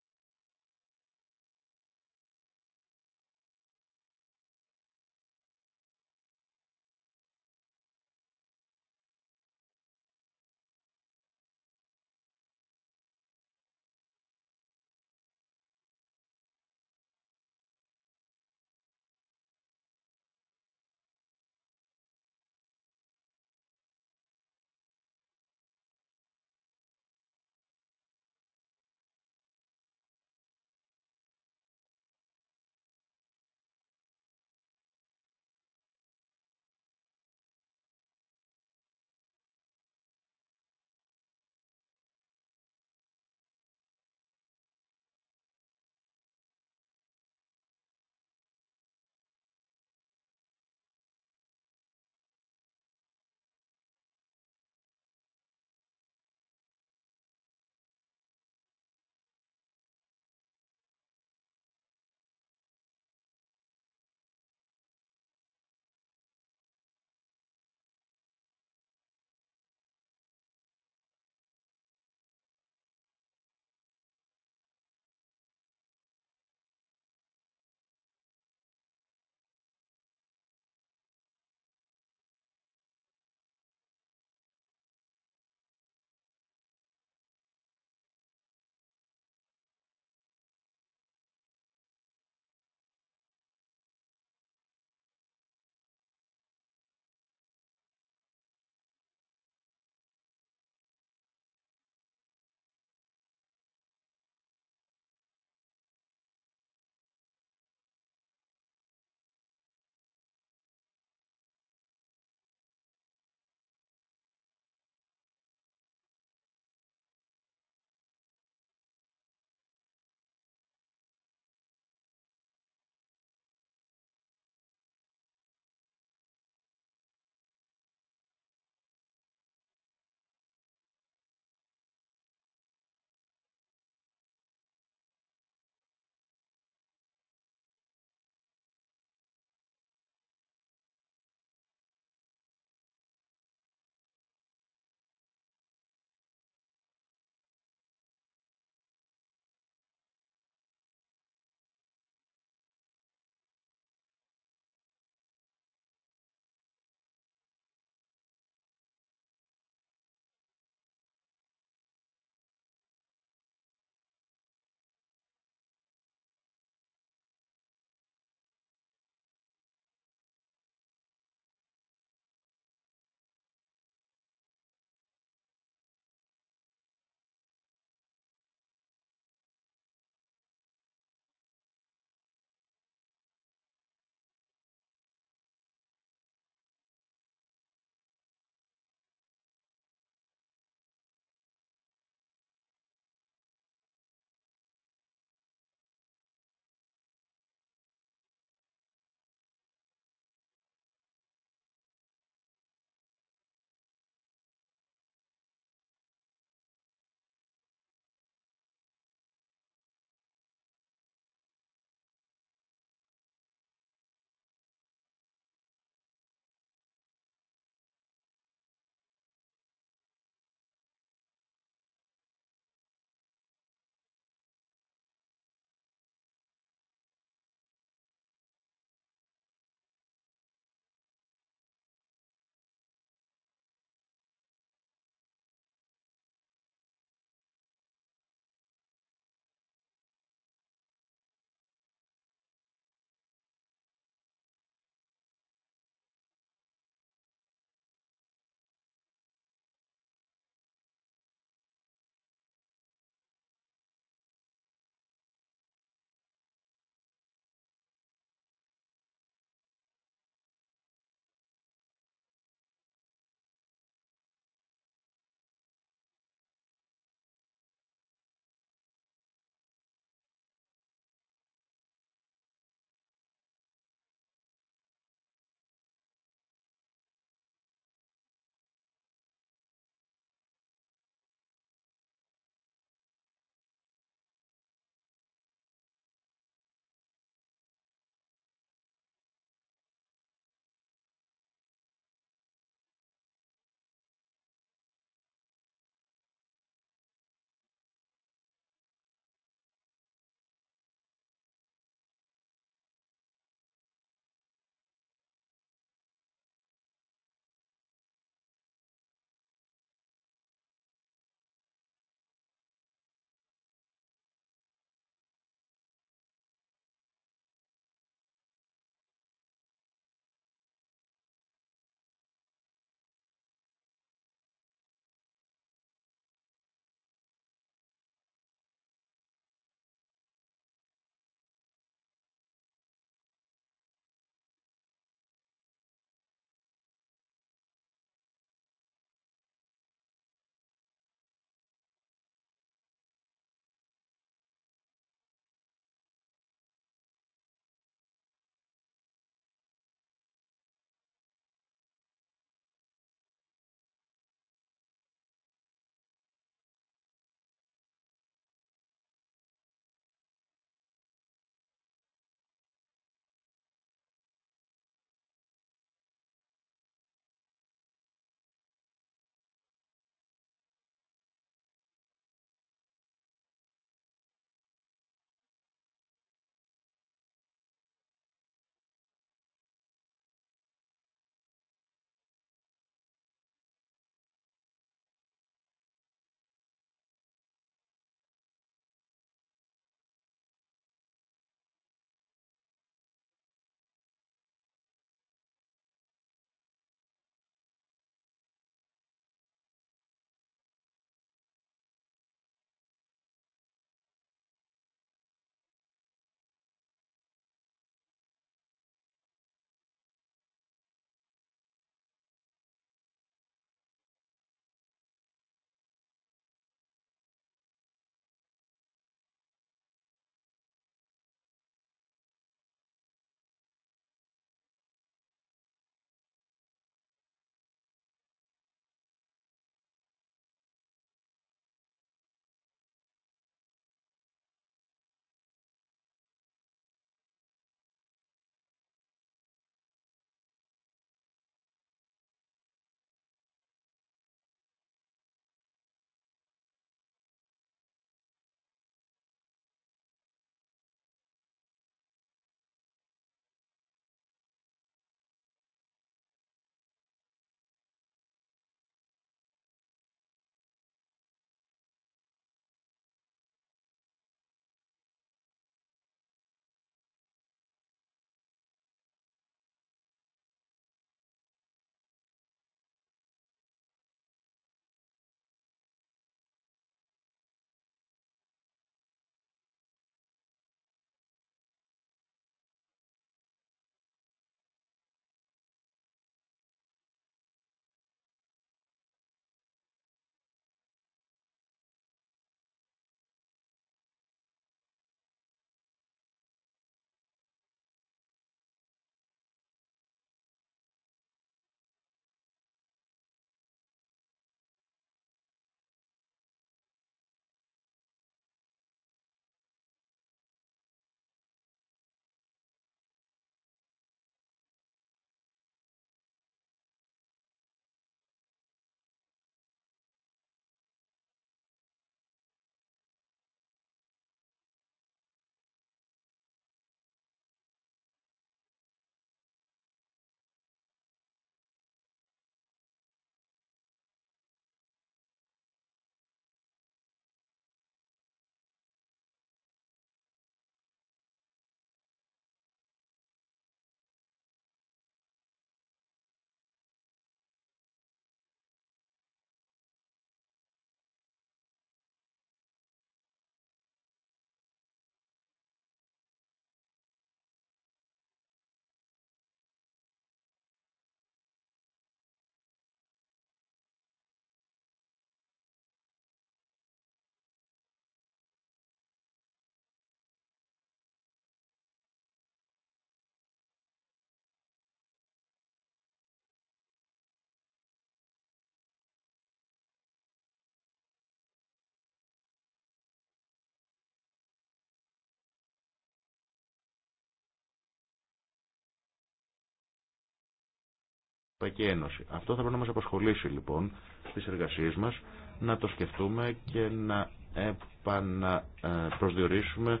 Ευρωπαϊκή Αυτό θα πρέπει να μας απασχολήσει λοιπόν στις εργασίες μας, να το σκεφτούμε και να επαναπροσδιορίσουμε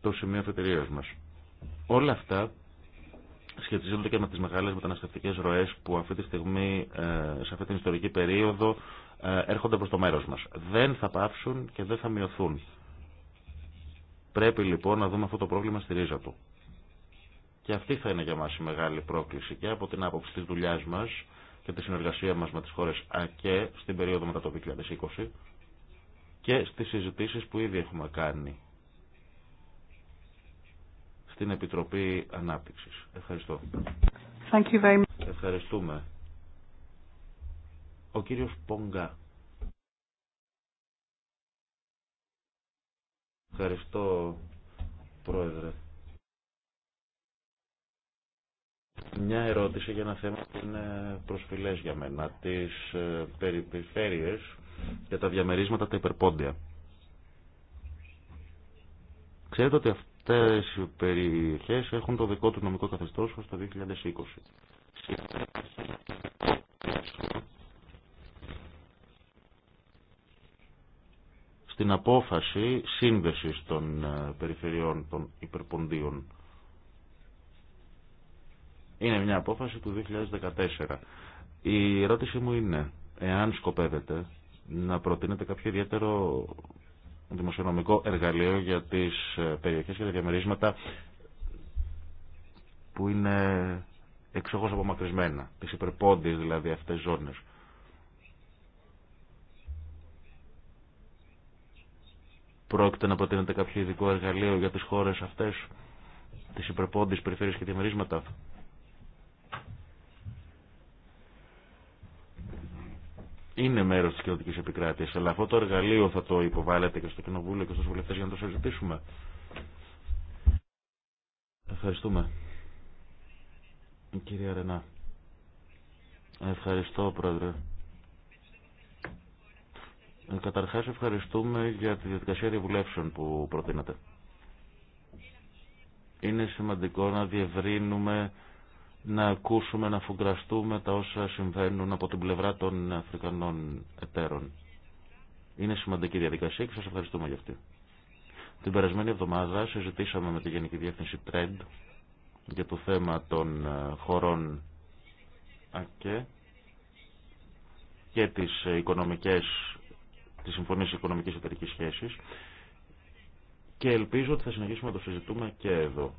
το σημείο αφετηρίας μας. Όλα αυτά σχετίζονται και με τις μεγάλες μεταναστευτικές ροές που αυτή τη στιγμή, ε, σε αυτή την ιστορική περίοδο, ε, έρχονται προς το μέρος μας. Δεν θα πάψουν και δεν θα μειωθούν. Πρέπει λοιπόν να δούμε αυτό το πρόβλημα στη ρίζα του. Και αυτή θα είναι για μας η μεγάλη πρόκληση και από την άποψη της δουλειάς μας και τη συνεργασία μας με τις χώρες ΑΚΕ στην περίοδο μετά το 2020 και στις συζητήσεις που ήδη έχουμε κάνει στην Επιτροπή Ανάπτυξης. Ευχαριστώ. Thank you very much. Ευχαριστούμε. Ο κύριος Πόγκα. Ευχαριστώ, Πρόεδρε. Μια ερώτηση για ένα θέμα που είναι προσφυλές για μένα. Τις ε, περιφέρειες για τα διαμερίσματα τα υπερπόντια. Ξέρετε ότι αυτές οι περιφέρειες έχουν το δικό του νομικό καθεστώς ως το 2020. Στην απόφαση σύνδεσης των ε, περιφερειών των υπερποντίων είναι μια απόφαση του 2014. Η ερώτηση μου είναι, εάν σκοπεύετε να προτείνετε κάποιο ιδιαίτερο δημοσιονομικό εργαλείο για τις ε, περιοχές και τα διαμερίσματα που είναι εξωχώς απομακρυσμένα, τις υπερπόντιες δηλαδή αυτές ζώνες. Πρόκειται να προτείνετε κάποιο ειδικό εργαλείο για τις χώρες αυτές, τις υπερπόντιες περιφέρειες και διαμερίσματα. είναι μέρο τη κοινωτική επικράτεια. Αλλά αυτό το εργαλείο θα το υποβάλλετε και στο Κοινοβούλιο και στου βουλευτέ για να το συζητήσουμε. Ευχαριστούμε. Κύριε κυρία Ρενά. Ευχαριστώ, Πρόεδρε. Ε, καταρχάς ευχαριστούμε για τη διαδικασία διαβουλεύσεων που προτείνατε. Είναι σημαντικό να διευρύνουμε να ακούσουμε, να φουγκραστούμε τα όσα συμβαίνουν από την πλευρά των Αφρικανών εταίρων. Είναι σημαντική διαδικασία και σας ευχαριστούμε για αυτή. Την περασμένη εβδομάδα συζητήσαμε με τη Γενική Διεύθυνση Τρέντ για το θέμα των ε, χωρών ΑΚΕ και τις οικονομικές, τις συμφωνίες οικονομικής εταιρικής σχέσης και ελπίζω ότι θα συνεχίσουμε να το συζητούμε και εδώ.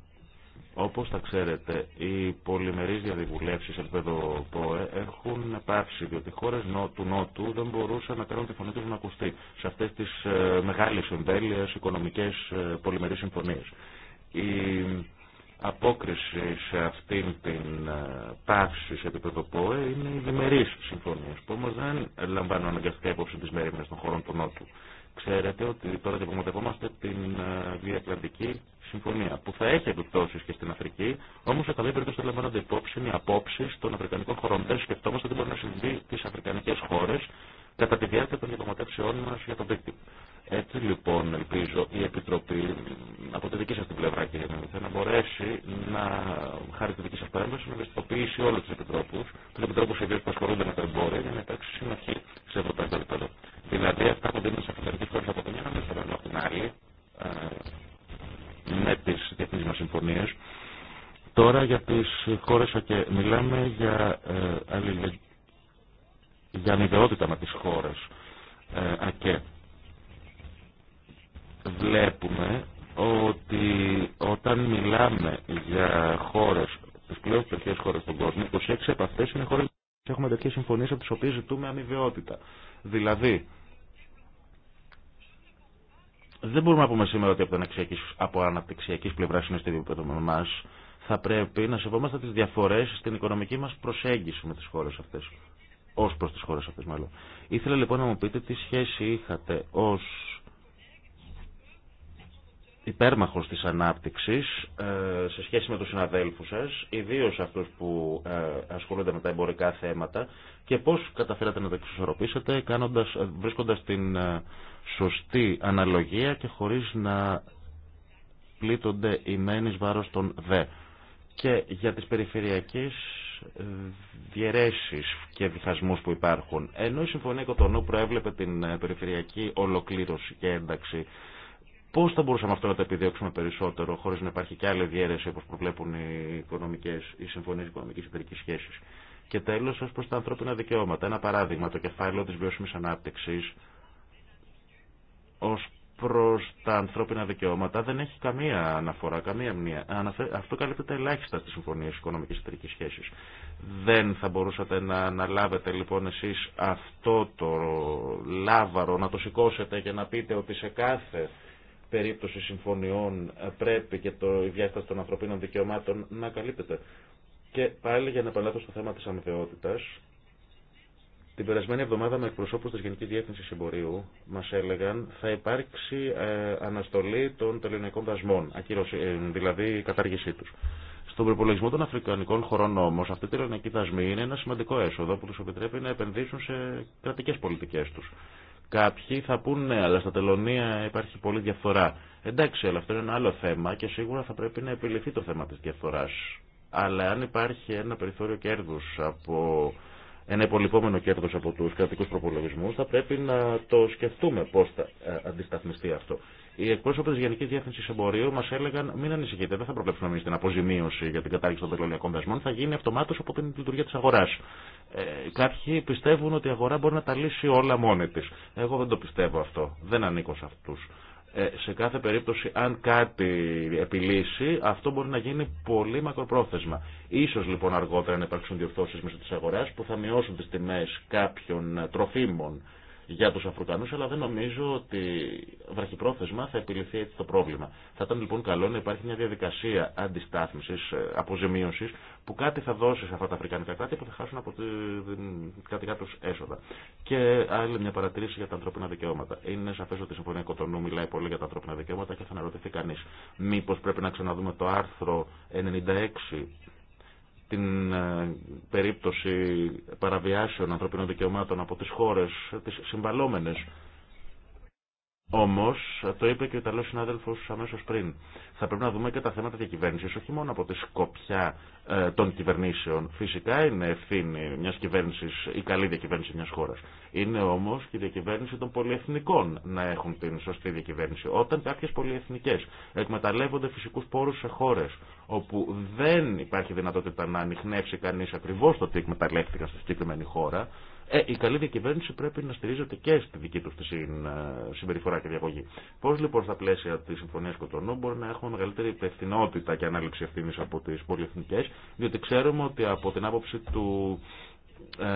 Όπως θα ξέρετε, οι πολυμερείς διαβουλεύσεις σε επίπεδο ΠΟΕ έχουν πάψει, διότι χώρες του Νότου δεν μπορούσαν να κάνουν τη φωνή τους να ακουστεί σε αυτές τις ε, μεγάλες εμβέλειες οικονομικές ε, πολυμερείς συμφωνίες. Η απόκριση σε αυτήν την ε, πάυση σε επίπεδο ΠΟΕ είναι οι διμερείς συμφωνίες, που όμως δεν λαμβάνουν αναγκαστικά υπόψη τις μέρημνες των χωρών του Νότου. Ξέρετε ότι τώρα διαπραγματευόμαστε την Διατλαντική ε, Συμφωνία που θα έχει επιπτώσει και στην Αφρική, όμω σε καμία περίπτωση δεν λαμβάνονται υπόψη οι απόψει των Αφρικανικών χωρών. Δεν σκεφτόμαστε τι μπορεί να συμβεί τι Αφρικανικέ χώρε κατά τη διάρκεια των διαπραγματεύσεών μα για τον πίκτη. Έτσι λοιπόν ελπίζω η Επιτροπή από τη δική σα την πλευρά κύριε Μελθέ να μπορέσει να χάρη τη δική σα παρέμβαση να ευαισθητοποιήσει όλου του Επιτρόπου, του Επιτρόπου οι οποίοι ασχολούνται με το εμπόριο για να υπάρξει συνοχή σε ευρωπαϊκό επίπεδο. Δηλαδή αυτά που δίνουν σε αφρικανικέ χώρε από τη μία να μην από την άλλη ε, με τι διεθνεί μα συμφωνίε. Τώρα για τι χώρε μιλάμε για αλληλεγγύη για αμοιβαιότητα με τις χώρες ε, ΑΚΕ. Βλέπουμε ότι όταν μιλάμε για χώρες, τις πλέον χώρες στον κόσμο, 26 από αυτές είναι χώρες που έχουμε τέτοιες συμφωνίες από τις οποίες ζητούμε αμοιβαιότητα. Δηλαδή, δεν μπορούμε να πούμε σήμερα ότι από, αναπτυξιακής, από αναπτυξιακής πλευράς είναι στη επίπεδο με εμάς. Θα πρέπει να σεβόμαστε τις διαφορές στην οικονομική μας προσέγγιση με τις χώρες αυτές ω προ τι χώρε αυτέ μάλλον. Ήθελα λοιπόν να μου πείτε τι σχέση είχατε ω υπέρμαχος της ανάπτυξης ε, σε σχέση με τους συναδέλφου σας, ιδίω αυτούς που ε, ασχολούνται με τα εμπορικά θέματα και πώς καταφέρατε να τα εξισορροπήσετε κάνοντας, ε, βρίσκοντας την σωστή αναλογία και χωρί να πλήττονται οι μένει βάρο των δε. Και για τις περιφερειακές διαιρέσεις και διχασμούς που υπάρχουν. Ενώ η Συμφωνία Κοτονού προέβλεπε την ε, περιφερειακή ολοκλήρωση και ένταξη, πώς θα μπορούσαμε αυτό να το επιδιώξουμε περισσότερο, χωρίς να υπάρχει και άλλη διαίρεση όπως προβλέπουν οι, οικονομικές, οι συμφωνίες οικονομικής εταιρικής Και τέλος, ως προς τα ανθρώπινα δικαιώματα. Ένα παράδειγμα, το κεφάλαιο της βιώσιμης ανάπτυξης, ως προς τα ανθρώπινα δικαιώματα δεν έχει καμία αναφορά, καμία μνήμα. Αυτό καλύπτεται ελάχιστα στις συμφωνίες οικονομικής εταιρικής σχέσης. Δεν θα μπορούσατε να αναλάβετε λοιπόν εσείς αυτό το λάβαρο, να το σηκώσετε και να πείτε ότι σε κάθε περίπτωση συμφωνιών πρέπει και το, η διάσταση των ανθρωπίνων δικαιωμάτων να καλύπτεται. Και πάλι για να επαναλάβω στο θέμα της αμοιβαιότητας, την περασμένη εβδομάδα με εκπροσώπους της Γενικής Διεύθυνσης Εμπορίου μας έλεγαν θα υπάρξει ε, αναστολή των τελειωνικών δασμών, ε, δηλαδή κατάργησή τους. Στον προπολογισμό των Αφρικανικών χωρών όμω, αυτή η τελωνική δασμή είναι ένα σημαντικό έσοδο που τους επιτρέπει να επενδύσουν σε κρατικές πολιτικές τους. Κάποιοι θα πούνε, ναι, αλλά στα τελωνία υπάρχει πολλή διαφθορά. Εντάξει, αλλά αυτό είναι ένα άλλο θέμα και σίγουρα θα πρέπει να επιληθεί το θέμα τη διαφθοράς. Αλλά αν υπάρχει ένα περιθώριο κέρδους από ένα υπολοιπόμενο κέρδο από τους κρατικούς προπολογισμούς, θα πρέπει να το σκεφτούμε πώς θα ε, αντισταθμιστεί αυτό. Οι εκπρόσωποι της Γενικής Διεύθυνσης Εμπορίου μας έλεγαν μην ανησυχείτε, δεν θα προβλέψουμε εμείς την αποζημίωση για την κατάργηση των πετρελαϊκών δεσμών, θα γίνει αυτομάτως από την λειτουργία της αγοράς. Ε, κάποιοι πιστεύουν ότι η αγορά μπορεί να τα λύσει όλα μόνη της. Εγώ δεν το πιστεύω αυτό, δεν ανήκω σε αυτούς. Ε, σε κάθε περίπτωση αν κάτι επιλύσει αυτό μπορεί να γίνει πολύ μακροπρόθεσμα. Ίσως λοιπόν αργότερα να υπάρξουν διορθώσεις μέσω της αγοράς που θα μειώσουν τις τιμές κάποιων τροφίμων για του Αφρικανού, αλλά δεν νομίζω ότι βραχυπρόθεσμα θα επιληθεί έτσι το πρόβλημα. Θα ήταν λοιπόν καλό να υπάρχει μια διαδικασία αντιστάθμιση, ε, αποζημίωση, που κάτι θα δώσει σε αυτά τα αφρικανικά κράτη που θα χάσουν από την κρατικά του έσοδα. Και άλλη μια παρατήρηση για τα ανθρώπινα δικαιώματα. Είναι σαφέ ότι η Συμφωνία Κοτονού μιλάει πολύ για τα ανθρώπινα δικαιώματα και θα αναρωτηθεί κανεί. Μήπω πρέπει να ξαναδούμε το άρθρο 96 την ε, περίπτωση παραβιάσεων ανθρωπινών δικαιωμάτων από τις χώρες, τις συμβαλόμενες Όμω, το είπε και ο Ιταλό συνάδελφο αμέσω πριν, θα πρέπει να δούμε και τα θέματα διακυβέρνηση, όχι μόνο από τη σκοπιά ε, των κυβερνήσεων. Φυσικά είναι ευθύνη μια κυβέρνηση η καλή διακυβέρνηση μια χώρα. Είναι όμω και η διακυβέρνηση των πολυεθνικών να έχουν την σωστή διακυβέρνηση. Όταν κάποιε πολυεθνικέ εκμεταλλεύονται φυσικού πόρου σε χώρε όπου δεν υπάρχει δυνατότητα να ανοιχνεύσει κανεί ακριβώ το τι εκμεταλλεύτηκαν στη συγκεκριμένη χώρα, ε, η καλή διακυβέρνηση πρέπει να στηρίζεται και στη δική του ε, συμπεριφορά και διαγωγή. Πώ λοιπόν στα πλαίσια τη Συμφωνία Κοτονού μπορεί να έχουμε μεγαλύτερη υπευθυνότητα και ανάληψη ευθύνη από τι πολυεθνικέ, διότι ξέρουμε ότι από την άποψη του ε,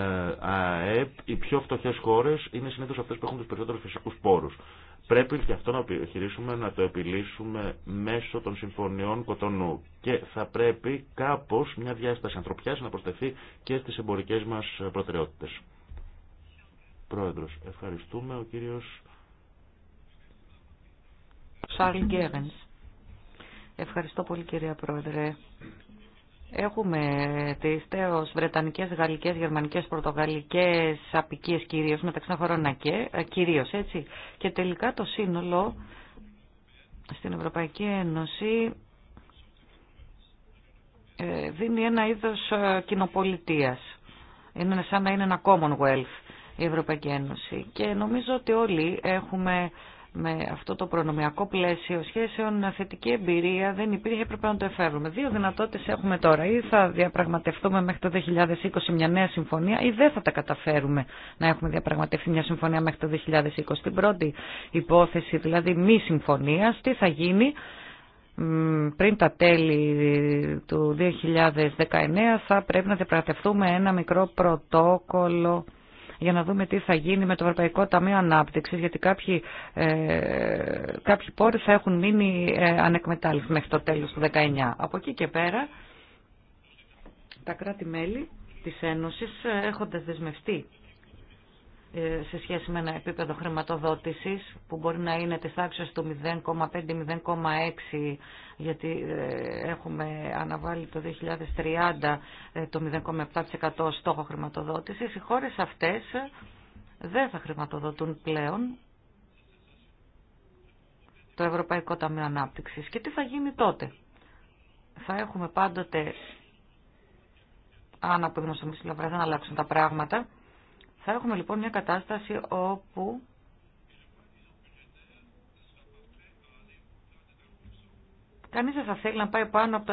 ΑΕΠ οι πιο φτωχέ χώρε είναι συνήθω αυτέ που έχουν του περισσότερου φυσικού πόρου. Πρέπει και αυτό να επιχειρήσουμε να το επιλύσουμε μέσω των συμφωνιών κοτονού. Και θα πρέπει κάπως μια διάσταση ανθρωπιάς να προσθεθεί και στις εμπορικές μας προτεραιότητες. Πρόεδρος, ευχαριστούμε. Ο κύριος... Σάρλ Γκέρενς. Ευχαριστώ πολύ κυρία Πρόεδρε. Έχουμε τις τέως βρετανικές, γαλλικές, γερμανικές, πορτογαλικές απικίες κυρίως μεταξύ των χωρών και ε, κυρίως έτσι. Και τελικά το σύνολο στην Ευρωπαϊκή Ένωση ε, δίνει ένα είδος ε, κοινοπολιτείας. Είναι σαν να είναι ένα Commonwealth Ευρωπαϊκή Ένωση. Και νομίζω ότι όλοι έχουμε με αυτό το προνομιακό πλαίσιο σχέσεων θετική εμπειρία δεν υπήρχε, έπρεπε να το εφεύρουμε. Δύο δυνατότητε έχουμε τώρα. Ή θα διαπραγματευτούμε μέχρι το 2020 μια νέα συμφωνία, ή δεν θα τα καταφέρουμε να έχουμε διαπραγματευτεί μια συμφωνία μέχρι το 2020. Την πρώτη υπόθεση, δηλαδή μη συμφωνία, τι θα γίνει πριν τα τέλη του 2019 θα πρέπει να διαπραγματευτούμε ένα μικρό πρωτόκολλο για να δούμε τι θα γίνει με το Ευρωπαϊκό Ταμείο Ανάπτυξη, γιατί κάποιοι, ε, κάποιοι πόροι θα έχουν μείνει ε, ανεκμετάλλευτοι μέχρι το τέλος του 19. Από εκεί και πέρα, τα κράτη-μέλη τη Ένωση, ε, έχοντα δεσμευτεί ε, σε σχέση με ένα επίπεδο χρηματοδότησης που μπορεί να είναι της τάξης του 0,5-0,6 γιατί ε, έχουμε αναβάλει το 2030 ε, το 0,7% στόχο χρηματοδότησης. Οι χώρες αυτές δεν θα χρηματοδοτούν πλέον το Ευρωπαϊκό Ταμείο Ανάπτυξης. Και τι θα γίνει τότε. Θα έχουμε πάντοτε, αν από δημοσιομίσεις να δεν αλλάξουν τα πράγματα, θα έχουμε λοιπόν μια κατάσταση όπου κανείς δεν θα θέλει να πάει πάνω από το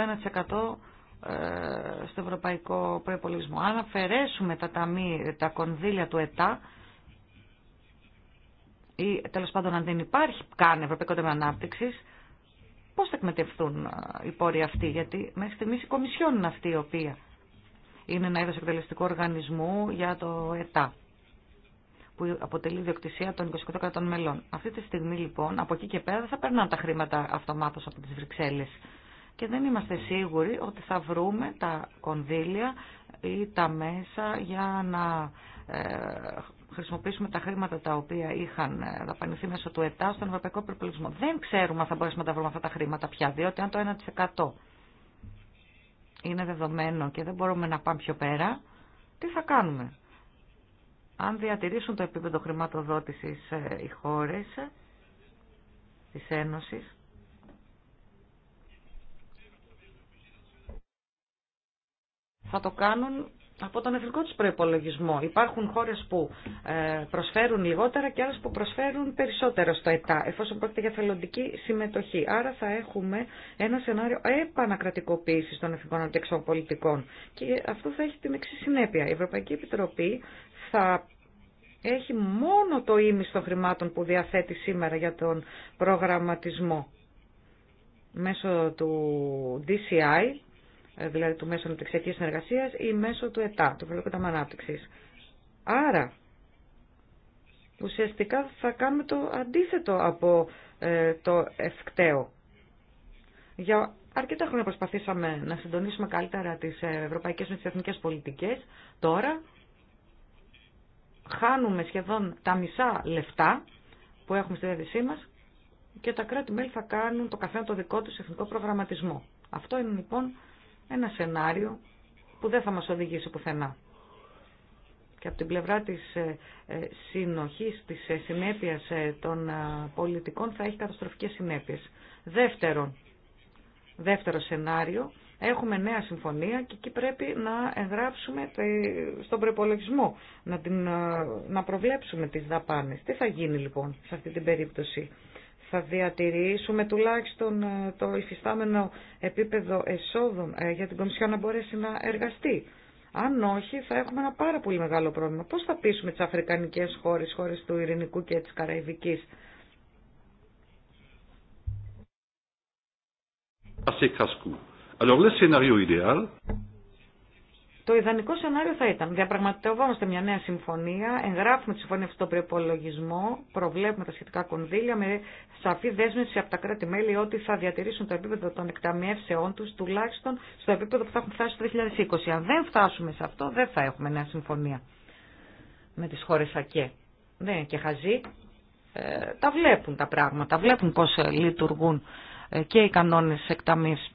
1% ε, στο ευρωπαϊκό προπολογισμό. Αν αφαιρέσουμε τα, ταμί, τα κονδύλια του ΕΤΑ, ή τέλο πάντων αν δεν υπάρχει καν Ευρωπαϊκό τέμα Ανάπτυξη, πώ θα εκμετευθούν ε, οι πόροι αυτοί, γιατί μέχρι στιγμής η Κομισιόν είναι αυτή η οποία είναι ένα είδο εκτελεστικού οργανισμού για το ΕΤΑ που αποτελεί διοκτησία των 28 κρατών μελών. Αυτή τη στιγμή λοιπόν, από εκεί και πέρα δεν θα περνάνε τα χρήματα αυτομάτως από τις Βρυξέλλες και δεν είμαστε σίγουροι ότι θα βρούμε τα κονδύλια ή τα μέσα για να ε, χρησιμοποιήσουμε τα χρήματα τα οποία είχαν ε, δαπανηθεί μέσω του ΕΤΑ στον ευρωπαϊκό προπολογισμό. Δεν ξέρουμε αν θα μπορέσουμε να τα βρούμε αυτά τα χρήματα πια, διότι αν το 1% είναι δεδομένο και δεν μπορούμε να πάμε πιο πέρα, τι θα κάνουμε. Αν διατηρήσουν το επίπεδο χρηματοδότησης ε, οι χώρες ε, της Ένωσης, θα το κάνουν από τον εθνικό του προϋπολογισμό. Υπάρχουν χώρες που ε, προσφέρουν λιγότερα και άλλες που προσφέρουν περισσότερο στο ΕΤΑ, εφόσον πρόκειται για θελοντική συμμετοχή. Άρα θα έχουμε ένα σενάριο επανακρατικοποίηση των εθνικών αντιεξοπολιτικών πολιτικών. Και αυτό θα έχει την εξή συνέπεια. Η Ευρωπαϊκή Επιτροπή θα έχει μόνο το ίμιστο χρημάτων που διαθέτει σήμερα για τον προγραμματισμό μέσω του DCI ε, δηλαδή του μέσου αναπτυξιακή συνεργασία ή μέσω του ΕΤΑ, του Ευρωπαϊκού Ταμείου Ανάπτυξης. Άρα, ουσιαστικά θα κάνουμε το αντίθετο από ε, το ευκταίο. Για αρκετά χρόνια προσπαθήσαμε να συντονίσουμε καλύτερα τι ε, Ευρωπαϊκέ με τις εθνικές πολιτικές. Τώρα χάνουμε σχεδόν τα μισά λεφτά που έχουμε στη διάθεσή μα και τα κράτη-μέλη θα κάνουν το καθένα το δικό του εθνικό προγραμματισμό. Αυτό είναι λοιπόν ένα σενάριο που δεν θα μας οδηγήσει πουθενά. Και από την πλευρά της ε, ε, συνοχής, της ε, συνέπειας των πολιτικών θα έχει καταστροφικές συνέπειες. Δεύτερον, δεύτερο σενάριο, έχουμε νέα συμφωνία και εκεί πρέπει να εγγράψουμε στον προπολογισμό, να, να προβλέψουμε τις δαπάνες. Τι θα γίνει λοιπόν σε αυτή την περίπτωση θα διατηρήσουμε τουλάχιστον ε, το υφιστάμενο επίπεδο εσόδων ε, για την Κομισιόν να μπορέσει να εργαστεί. Αν όχι, θα έχουμε ένα πάρα πολύ μεγάλο πρόβλημα. Πώς θα πείσουμε τις αφρικανικές χώρες, χώρες του Ειρηνικού και της Καραϊβικής. Alors, le scénario idéal... Το ιδανικό σενάριο θα ήταν, διαπραγματευόμαστε μια νέα συμφωνία, εγγράφουμε τη συμφωνία στον προπολογισμό, προβλέπουμε τα σχετικά κονδύλια με σαφή δέσμευση από τα κράτη-μέλη ότι θα διατηρήσουν το επίπεδο των εκταμιεύσεών του τουλάχιστον στο επίπεδο που θα έχουν φτάσει το 2020. Αν δεν φτάσουμε σε αυτό, δεν θα έχουμε νέα συμφωνία με τι χώρε ΑΚΕ. Δεν ναι, και χαζί. Ε, τα βλέπουν τα πράγματα, βλέπουν πώ ε, λειτουργούν ε, και οι κανόνε εκταμίευση.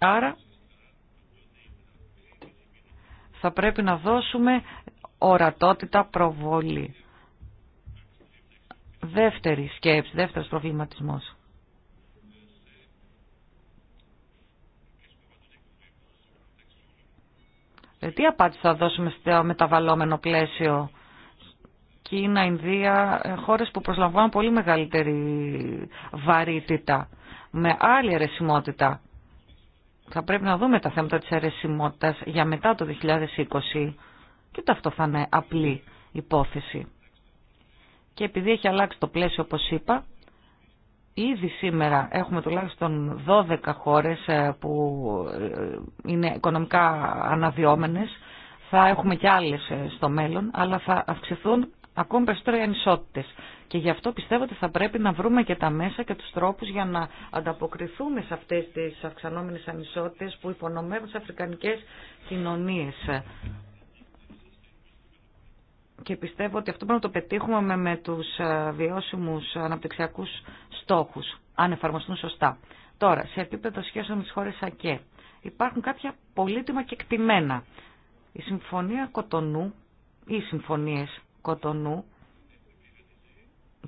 Άρα θα πρέπει να δώσουμε ορατότητα προβολή. Δεύτερη σκέψη, δεύτερος προβληματισμός. Ε, τι απάντηση θα δώσουμε στο μεταβαλλόμενο πλαίσιο Κίνα, Ινδία, ε, χώρες που προσλαμβάνουν πολύ μεγαλύτερη βαρύτητα, με άλλη αιρεσιμότητα θα πρέπει να δούμε τα θέματα της αιρεσιμότητας για μετά το 2020 και το αυτό θα είναι απλή υπόθεση. Και επειδή έχει αλλάξει το πλαίσιο όπως είπα, ήδη σήμερα έχουμε τουλάχιστον 12 χώρες ε, που ε, είναι οικονομικά αναδυόμενες, θα έχουμε και άλλες ε, στο μέλλον, αλλά θα αυξηθούν ακόμη περισσότερο οι ανισότητες. Και γι' αυτό πιστεύω ότι θα πρέπει να βρούμε και τα μέσα και τους τρόπους για να ανταποκριθούμε σε αυτές τις αυξανόμενες ανισότητες που υπονομεύουν τι αφρικανικές κοινωνίες. Και πιστεύω ότι αυτό πρέπει να το πετύχουμε με, με τους ε, βιώσιμους αναπτυξιακούς στόχους, αν εφαρμοστούν σωστά. Τώρα, σε επίπεδο σχέσεων με τις χώρες ΑΚΕ, υπάρχουν κάποια πολύτιμα και Η Συμφωνία Κοτονού ή οι Συμφωνίες Κοτονού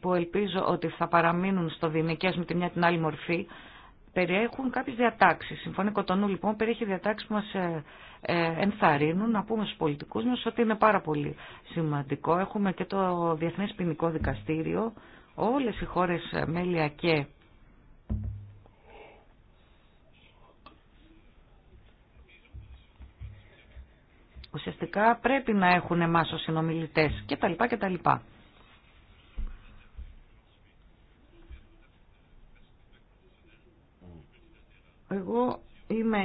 που ελπίζω ότι θα παραμείνουν στο Δημικές με τη μια την άλλη μορφή, περιέχουν κάποιες διατάξεις. Συμφωνώ τον Κοτονού λοιπόν περιέχει διατάξεις που μας ε, ε, ενθαρρύνουν να πούμε στους πολιτικούς μας ότι είναι πάρα πολύ σημαντικό. Έχουμε και το Διεθνές Ποινικό Δικαστήριο, όλες οι χώρες ε, μέλη και ουσιαστικά πρέπει να έχουν εμάς ως συνομιλητές τα λοιπά.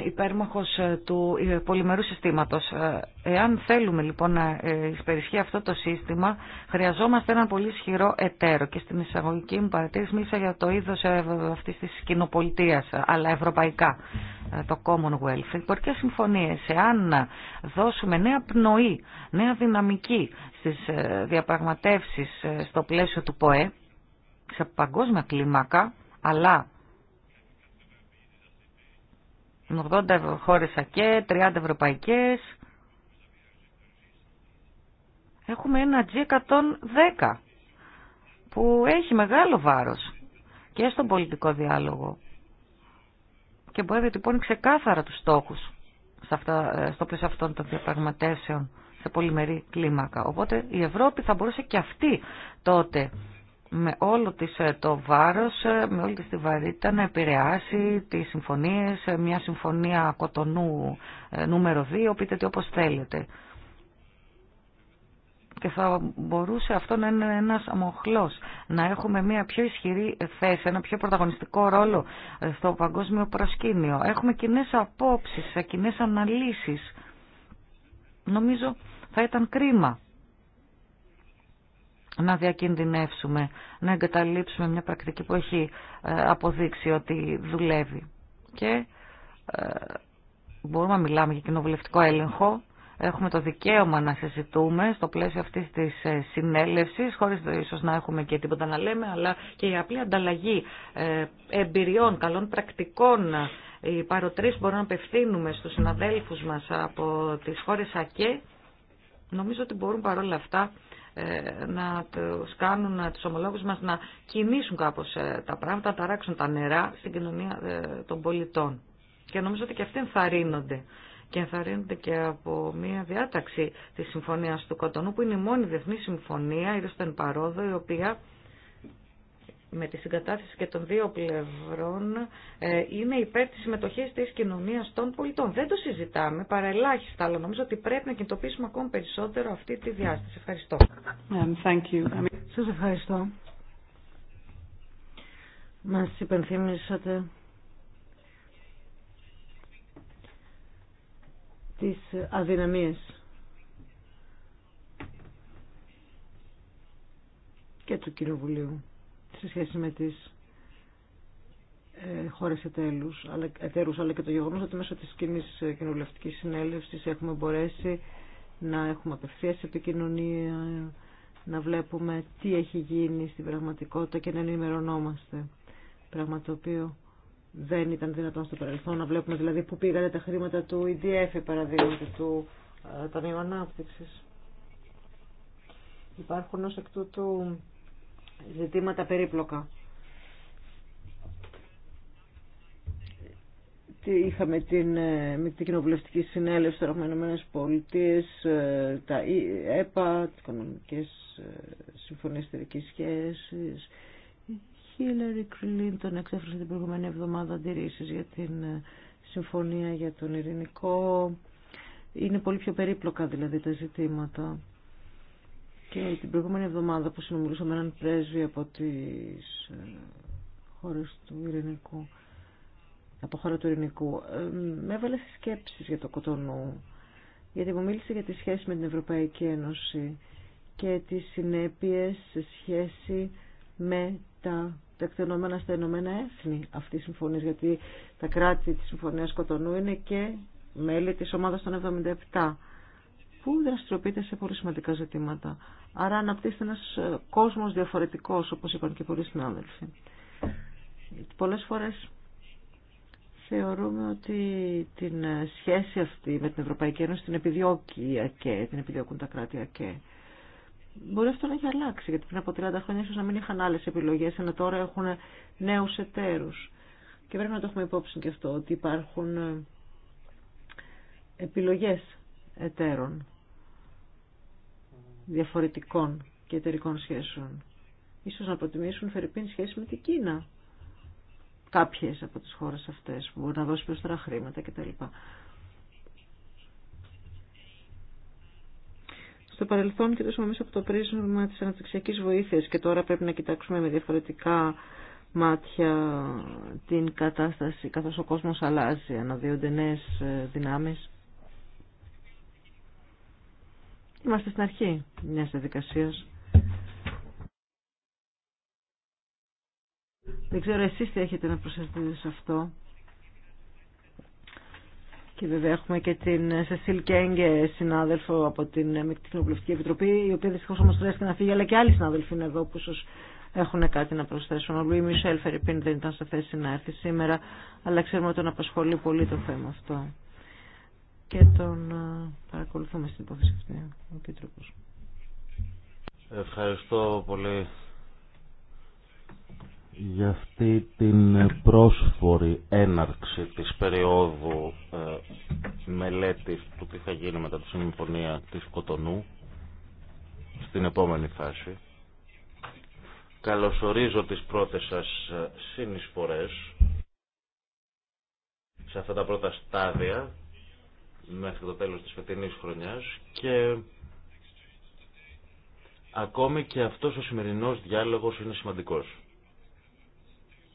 υπέρμαχος ε, του ε, πολυμερού συστήματος. Ε, εάν θέλουμε λοιπόν να υπερισχύει αυτό το σύστημα, χρειαζόμαστε έναν πολύ ισχυρό εταίρο. Και στην εισαγωγική μου παρατήρηση μίλησα για το είδος αυτής της κοινοπολιτείας, αλλά ευρωπαϊκά, το Commonwealth. Οι πορικές συμφωνίες, εάν δώσουμε νέα πνοή, νέα δυναμική στις διαπραγματεύσεις στο πλαίσιο του ΠΟΕ, σε παγκόσμια κλίμακα, αλλά 80 χώρες ΑΚΕ, 30 ευρωπαϊκές. Έχουμε ένα G110 που έχει μεγάλο βάρος και στον πολιτικό διάλογο και μπορεί να τυπώνει ξεκάθαρα τους στόχους ε, στο πλαίσιο αυτών των διαπραγματεύσεων σε πολυμερή κλίμακα. Οπότε η Ευρώπη θα μπορούσε και αυτή τότε με όλο της ε, το βάρος, ε, με όλη της τη βαρύτητα να επηρεάσει τις συμφωνίες, ε, μια συμφωνία κοτονού νούμερο 2, πείτε τι όπως θέλετε. Και θα μπορούσε αυτό να είναι ένας αμοχλός, να έχουμε μια πιο ισχυρή θέση, ένα πιο πρωταγωνιστικό ρόλο στο παγκόσμιο προσκήνιο. Έχουμε κοινέ απόψεις, κοινέ αναλύσεις. Νομίζω θα ήταν κρίμα να διακινδυνεύσουμε, να εγκαταλείψουμε μια πρακτική που έχει ε, αποδείξει ότι δουλεύει. Και ε, μπορούμε να μιλάμε για κοινοβουλευτικό έλεγχο, έχουμε το δικαίωμα να συζητούμε στο πλαίσιο αυτής της ε, συνέλευσης, χωρίς ίσως να έχουμε και τίποτα να λέμε, αλλά και η απλή ανταλλαγή εμπειριών, καλών πρακτικών, οι που μπορούμε να απευθύνουμε στους συναδέλφους μας από τις χώρες ΑΚΕ, νομίζω ότι μπορούν παρόλα αυτά ε, να τους κάνουν τους ομολόγους μας να κινήσουν κάπως ε, τα πράγματα, να ταράξουν τα νερά στην κοινωνία ε, των πολιτών. Και νομίζω ότι και αυτοί ενθαρρύνονται και ενθαρρύνονται και από μια διάταξη της Συμφωνίας του Κοτονού που είναι η μόνη διεθνή συμφωνία, ήρθε στον παρόδο, η οποία με τη συγκατάθεση και των δύο πλευρών ε, είναι υπέρ της συμμετοχής της κοινωνίας των πολιτών. Δεν το συζητάμε παρελάχιστα, αλλά νομίζω ότι πρέπει να κινητοποιήσουμε ακόμη περισσότερο αυτή τη διάσταση. Ευχαριστώ. Um, thank um, Σας ευχαριστώ. Μας υπενθύμισατε τις αδυναμίες και του Κοινοβουλίου σε σχέση με τις ε, χώρες εταίρους, αλλά, αλλά και το γεγονός ότι μέσω τη κοινή ε, κοινοβουλευτική συνέλευσης έχουμε μπορέσει να έχουμε απευθείας επικοινωνία, να βλέπουμε τι έχει γίνει στην πραγματικότητα και να ενημερωνόμαστε. Πράγμα το οποίο δεν ήταν δυνατόν στο παρελθόν να βλέπουμε δηλαδή που πήγανε τα χρήματα του EDF παραδείγματο του ε, Ταμείου Ανάπτυξη. Υπάρχουν ω εκ τούτου ζητήματα περίπλοκα. Είχαμε την ε, την κοινοβουλευτική συνέλευση των Ηνωμένες ε, τα ΕΠΑ, τι οικονομικέ ε, συμφωνίε σχέσης. Η Χίλερη Κλίντον εξέφρασε την προηγούμενη εβδομάδα αντιρρήσει για την συμφωνία για τον ειρηνικό. Είναι πολύ πιο περίπλοκα δηλαδή τα ζητήματα και την προηγούμενη εβδομάδα που συνομιλούσα με έναν πρέσβη από τις ε, χώρες του Ειρηνικού, από χώρα του Ειρηνικού, ε, με έβαλε στις σκέψεις για το Κοτονού, γιατί μου μίλησε για τη σχέση με την Ευρωπαϊκή Ένωση και τις συνέπειες σε σχέση με τα τεκτενόμενα στα Ηνωμένα Έθνη αυτή τη συμφωνία, γιατί τα κράτη της Συμφωνίας Κοτονού είναι και μέλη της ομάδας των 77 που δραστηριοποιείται σε πολύ σημαντικά ζητήματα. Άρα αναπτύσσεται ένας ε, κόσμος διαφορετικός, όπως είπαν και πολλοί συνάδελφοι. Πολλές φορές θεωρούμε ότι την ε, σχέση αυτή με την Ευρωπαϊκή Ένωση την επιδιώκει ΑΚΕ, την επιδιώκουν τα κράτη ΑΚΕ. Μπορεί αυτό να έχει αλλάξει, γιατί πριν από 30 χρόνια ίσως να μην είχαν άλλες επιλογές, ενώ τώρα έχουν νέους εταίρους. Και πρέπει να το έχουμε υπόψη και αυτό, ότι υπάρχουν ε, επιλογές εταίρων διαφορετικών και εταιρικών σχέσεων. Ίσως να προτιμήσουν φερειπίν σχέση με την Κίνα. Κάποιες από τις χώρες αυτές που μπορεί να δώσει περισσότερα χρήματα κτλ. Στο παρελθόν κοιτούσαμε μέσα από το πρίσμα της αναπτυξιακής βοήθειας και τώρα πρέπει να κοιτάξουμε με διαφορετικά μάτια την κατάσταση καθώς ο κόσμος αλλάζει, αναδύονται νέες ε, δυνάμεις. Είμαστε στην αρχή μια διαδικασία. Δεν ξέρω εσεί τι έχετε να προσθέσετε σε αυτό. Και βέβαια έχουμε και την Σεσίλ Κέγγε, συνάδελφο από την Μεκτή Επιτροπή, η οποία δυστυχώ όμω χρειάστηκε να φύγει, αλλά και άλλοι συνάδελφοι είναι εδώ που ίσω έχουν κάτι να προσθέσουν. Ο Λουί Μισελ Φερρυπίν δεν ήταν σε θέση να έρθει σήμερα, αλλά ξέρουμε ότι τον απασχολεί πολύ το θέμα αυτό και τον ε, παρακολουθούμε στην υπόθεση αυτή, ο Επίτροπος. Ευχαριστώ πολύ για αυτή την πρόσφορη έναρξη της περίοδου ε, μελέτης του τι θα γίνει μετά τη συμφωνία της Κοτονού στην επόμενη φάση. Καλωσορίζω τις πρώτες σας ε, συνεισφορές σε αυτά τα πρώτα στάδια μέχρι το τέλος της φετινής χρονιάς και ακόμη και αυτός ο σημερινός διάλογος είναι σημαντικός.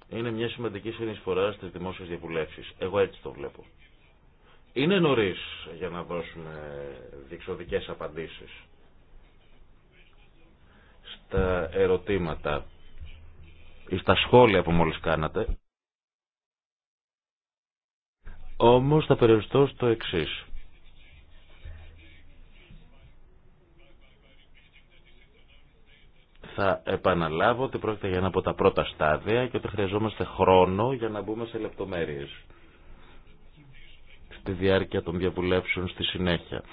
Είναι μια σημαντική συνεισφορά στις δημόσιες διαβουλεύσεις. Εγώ έτσι το βλέπω. Είναι νωρίς για να δώσουμε διεξοδικές απαντήσεις στα ερωτήματα ή στα σχόλια που μόλις κάνατε. Όμως θα περιοριστώ στο εξή. θα επαναλάβω ότι πρόκειται για ένα από τα πρώτα στάδια και ότι χρειαζόμαστε χρόνο για να μπούμε σε λεπτομέρειες στη διάρκεια των διαβουλεύσεων στη συνέχεια.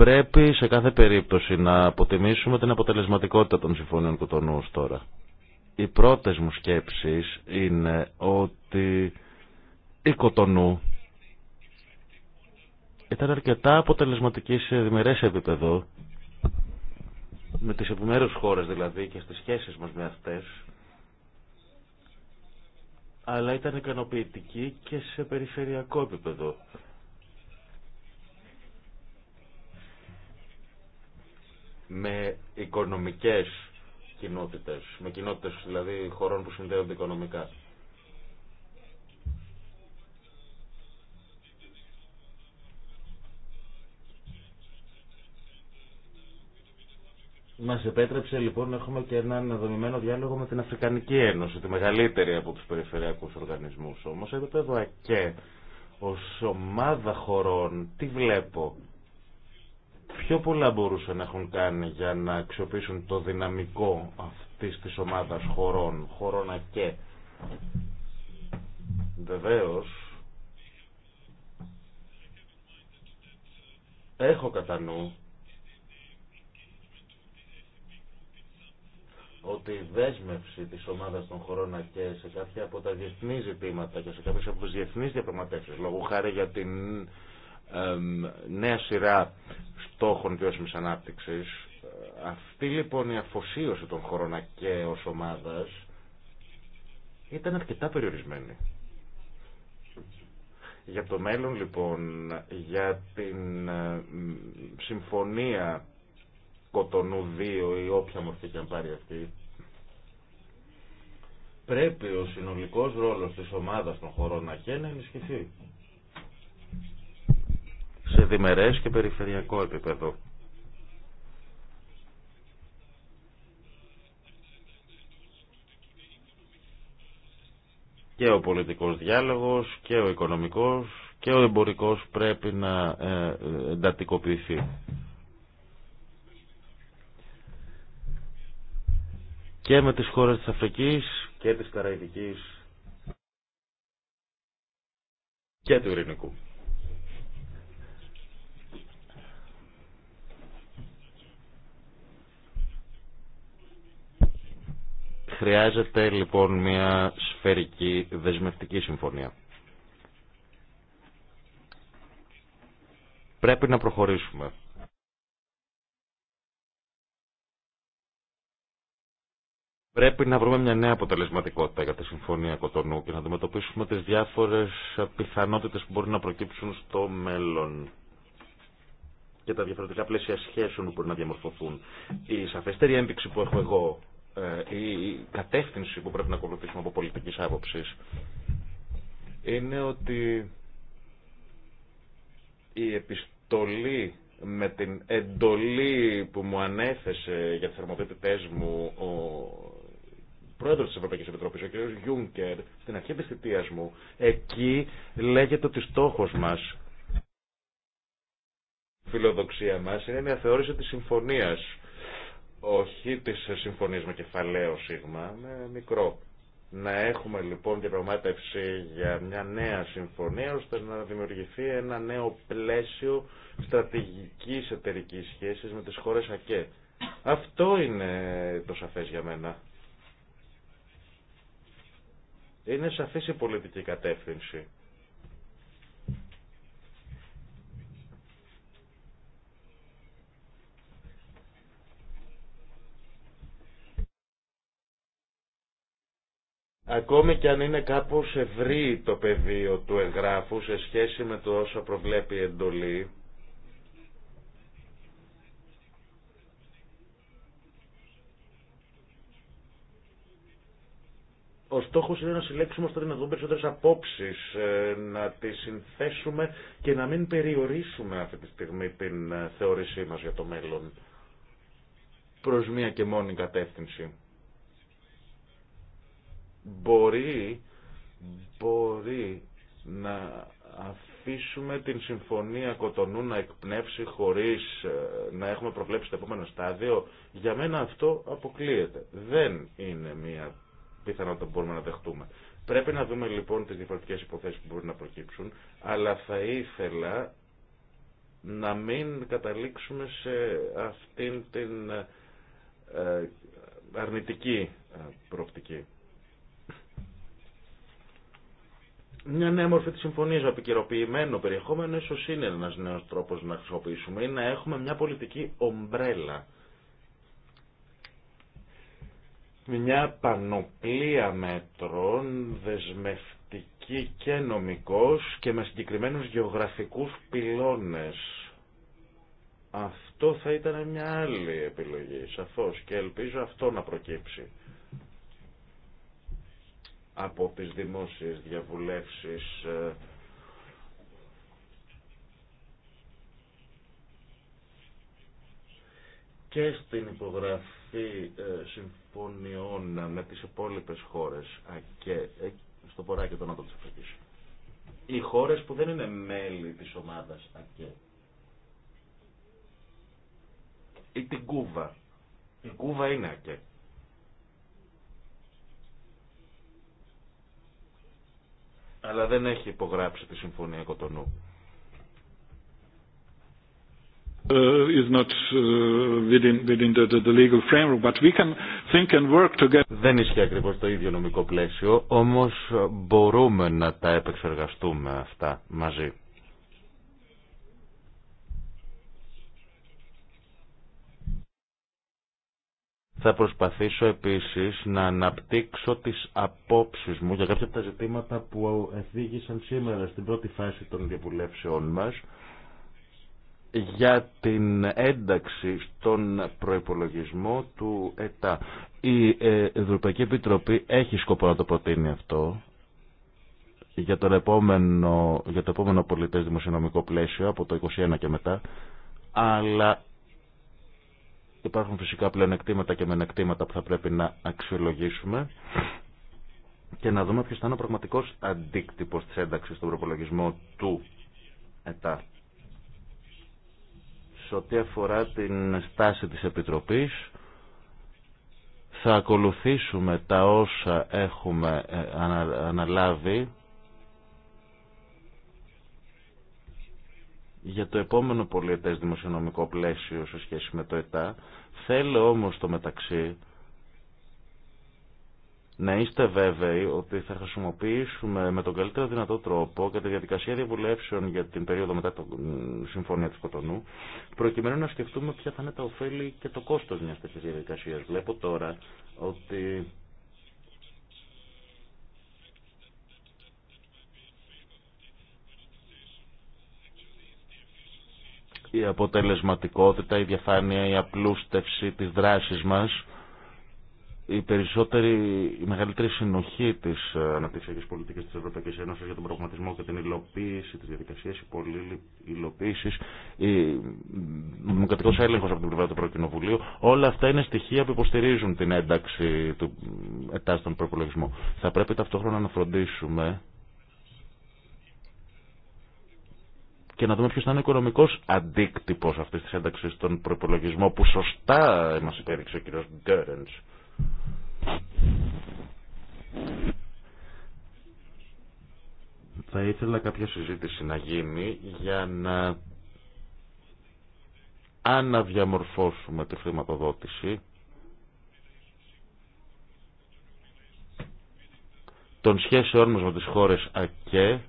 Πρέπει σε κάθε περίπτωση να αποτιμήσουμε την αποτελεσματικότητα των συμφωνίων Κοτονού ως τώρα. Οι πρώτες μου σκέψεις είναι ότι η Κοτονού ήταν αρκετά αποτελεσματική σε διμερές επίπεδο με τις επιμέρους χώρες δηλαδή και στις σχέσεις μας με αυτές αλλά ήταν ικανοποιητική και σε περιφερειακό επίπεδο. με οικονομικές κοινότητες, με κοινότητες δηλαδή χωρών που συνδέονται οικονομικά. Μα επέτρεψε λοιπόν να έχουμε και έναν δομημένο διάλογο με την Αφρικανική Ένωση, τη μεγαλύτερη από του περιφερειακού οργανισμού. Όμω, επίπεδο και ω ομάδα χωρών, τι βλέπω πιο πολλά μπορούσαν να έχουν κάνει για να αξιοποιήσουν το δυναμικό αυτή τη ομάδα χωρών, χωρών και. Βεβαίω. έχω κατά νου ότι η δέσμευση της ομάδας των χωρών και σε κάποια από τα διεθνή ζητήματα και σε κάποιες από τις διεθνείς διαπραγματεύσεις, λόγω χάρη για την νέα σειρά στόχων βιώσιμης ανάπτυξης. Αυτή λοιπόν η αφοσίωση των χωρών και ως ομάδας ήταν αρκετά περιορισμένη. Για το μέλλον λοιπόν, για την συμφωνία Κοτονού 2 ή όποια μορφή και αν πάρει αυτή, πρέπει ο συνολικός ρόλος της ομάδας των χωρών και να ενισχυθεί σε διμερές και περιφερειακό επίπεδο. Και ο πολιτικός διάλογος και ο οικονομικός και ο εμπορικός πρέπει να ε, εντατικοποιηθεί. Και με τις χώρες της Αφρικής και της Καραϊδικής και του Ειρηνικού. Χρειάζεται λοιπόν μια σφαιρική δεσμευτική συμφωνία. Πρέπει να προχωρήσουμε. Πρέπει να βρούμε μια νέα αποτελεσματικότητα για τη Συμφωνία Κοτονού και να αντιμετωπίσουμε τις διάφορες πιθανότητες που μπορεί να προκύψουν στο μέλλον και τα διαφορετικά πλαίσια σχέσεων που μπορεί να διαμορφωθούν. Η σαφέστερη ένδειξη που έχω εγώ ε, η κατεύθυνση που πρέπει να ακολουθήσουμε από πολιτικής άποψης είναι ότι η επιστολή με την εντολή που μου ανέθεσε για τις θερμοδότητές μου ο πρόεδρος της Ευρωπαϊκής Επιτροπής, ο κ. Γιούνκερ, στην αρχή της θητείας μου, εκεί λέγεται ότι στόχος μας, φιλοδοξία μας, είναι μια θεώρηση της συμφωνίας όχι τη συμφωνία με κεφαλαίο σίγμα, με μικρό. Να έχουμε λοιπόν διαπραγμάτευση για μια νέα συμφωνία ώστε να δημιουργηθεί ένα νέο πλαίσιο στρατηγικής εταιρικής σχέσης με τις χώρες ΑΚΕ. Αυτό είναι το σαφές για μένα. Είναι σαφής η πολιτική κατεύθυνση. Ακόμη και αν είναι κάπως ευρύ το πεδίο του εγγράφου σε σχέση με το όσο προβλέπει η εντολή, Ο στόχο είναι να συλλέξουμε στο δυνατόν περισσότερες απόψεις, ε, να τις συνθέσουμε και να μην περιορίσουμε αυτή τη στιγμή την ε, θεώρησή μας για το μέλλον προς μία και μόνη κατεύθυνση μπορεί, μπορεί να αφήσουμε την συμφωνία Κοτονού να εκπνεύσει χωρίς ε, να έχουμε προβλέψει το επόμενο στάδιο, για μένα αυτό αποκλείεται. Δεν είναι μια πιθανότητα που μπορούμε να δεχτούμε. Πρέπει να δούμε λοιπόν τις διαφορετικές υποθέσεις που μπορούν να προκύψουν, αλλά θα ήθελα να μην καταλήξουμε σε αυτήν την ε, ε, αρνητική προοπτική. μια νέα μορφή τη συμφωνία επικαιροποιημένο περιεχόμενο ίσω είναι ένα νέο τρόπο να χρησιμοποιήσουμε ή να έχουμε μια πολιτική ομπρέλα. Μια πανοπλία μέτρων δεσμευτική και νομικός και με συγκεκριμένους γεωγραφικούς πυλώνες. Αυτό θα ήταν μια άλλη επιλογή, σαφώς, και ελπίζω αυτό να προκύψει από τις δημόσιες διαβουλεύσεις ε, και στην υπογραφή ε, συμφωνιών με τις υπόλοιπες χώρες και ε, στο ποράκι και τον Οι χώρες που δεν είναι μέλη της ομάδας ΑΚΕ ή την Κούβα. Η Κούβα είναι ΑΚΕ. αλλά δεν έχει υπογράψει τη Συμφωνία Κοτονού. Δεν ισχύει ακριβώς το ίδιο νομικό πλαίσιο, όμως μπορούμε να τα επεξεργαστούμε αυτά μαζί. Θα προσπαθήσω επίσης να αναπτύξω τις απόψεις μου για κάποια από τα ζητήματα που εφήγησαν σήμερα στην πρώτη φάση των διαβουλεύσεών μας για την ένταξη στον προϋπολογισμό του ΕΤΑ. Η ε, Ευρωπαϊκή Επιτροπή έχει σκοπό να το προτείνει αυτό για, το επόμενο, για το επόμενο πολιτές δημοσιονομικό πλαίσιο από το 2021 και μετά αλλά Υπάρχουν φυσικά πλεονεκτήματα και μενεκτήματα που θα πρέπει να αξιολογήσουμε και να δούμε ποιο θα είναι ο πραγματικός αντίκτυπος τη ένταξη στον προπολογισμό του ΕΤΑ. Σε ό,τι αφορά την στάση της Επιτροπής, θα ακολουθήσουμε τα όσα έχουμε ε, αναλάβει για το επόμενο πολιετές δημοσιονομικό πλαίσιο σε σχέση με το ΕΤΑ. Θέλω όμως το μεταξύ να είστε βέβαιοι ότι θα χρησιμοποιήσουμε με τον καλύτερο δυνατό τρόπο και τη διαδικασία διαβουλεύσεων για την περίοδο μετά τη Συμφωνία της Κοτονού, προκειμένου να σκεφτούμε ποια θα είναι τα ωφέλη και το κόστο μια τέτοια διαδικασία. Βλέπω τώρα ότι η αποτελεσματικότητα, η διαφάνεια, η απλούστευση της δράσης μας, η περισσότερη, η μεγαλύτερη συνοχή της ε, αναπτυξιακής πολιτικής της Ευρωπαϊκής Ένωσης για τον προγραμματισμό και την υλοποίηση της διαδικασίας, η πολλή υλοποίηση, ο δημοκρατικός έλεγχος από την πλευρά του Προκοινοβουλίου, όλα αυτά είναι στοιχεία που υποστηρίζουν την ένταξη του ετάστον προπολογισμού. Θα πρέπει ταυτόχρονα να φροντίσουμε και να δούμε ποιο θα είναι ο οικονομικό αντίκτυπο αυτή τη ένταξη στον προπολογισμό που σωστά μα υπέδειξε ο κ. Γκέρεντ. Θα ήθελα κάποια συζήτηση να γίνει για να αναδιαμορφώσουμε τη χρηματοδότηση των σχέσεών μας με τις χώρες ΑΚΕ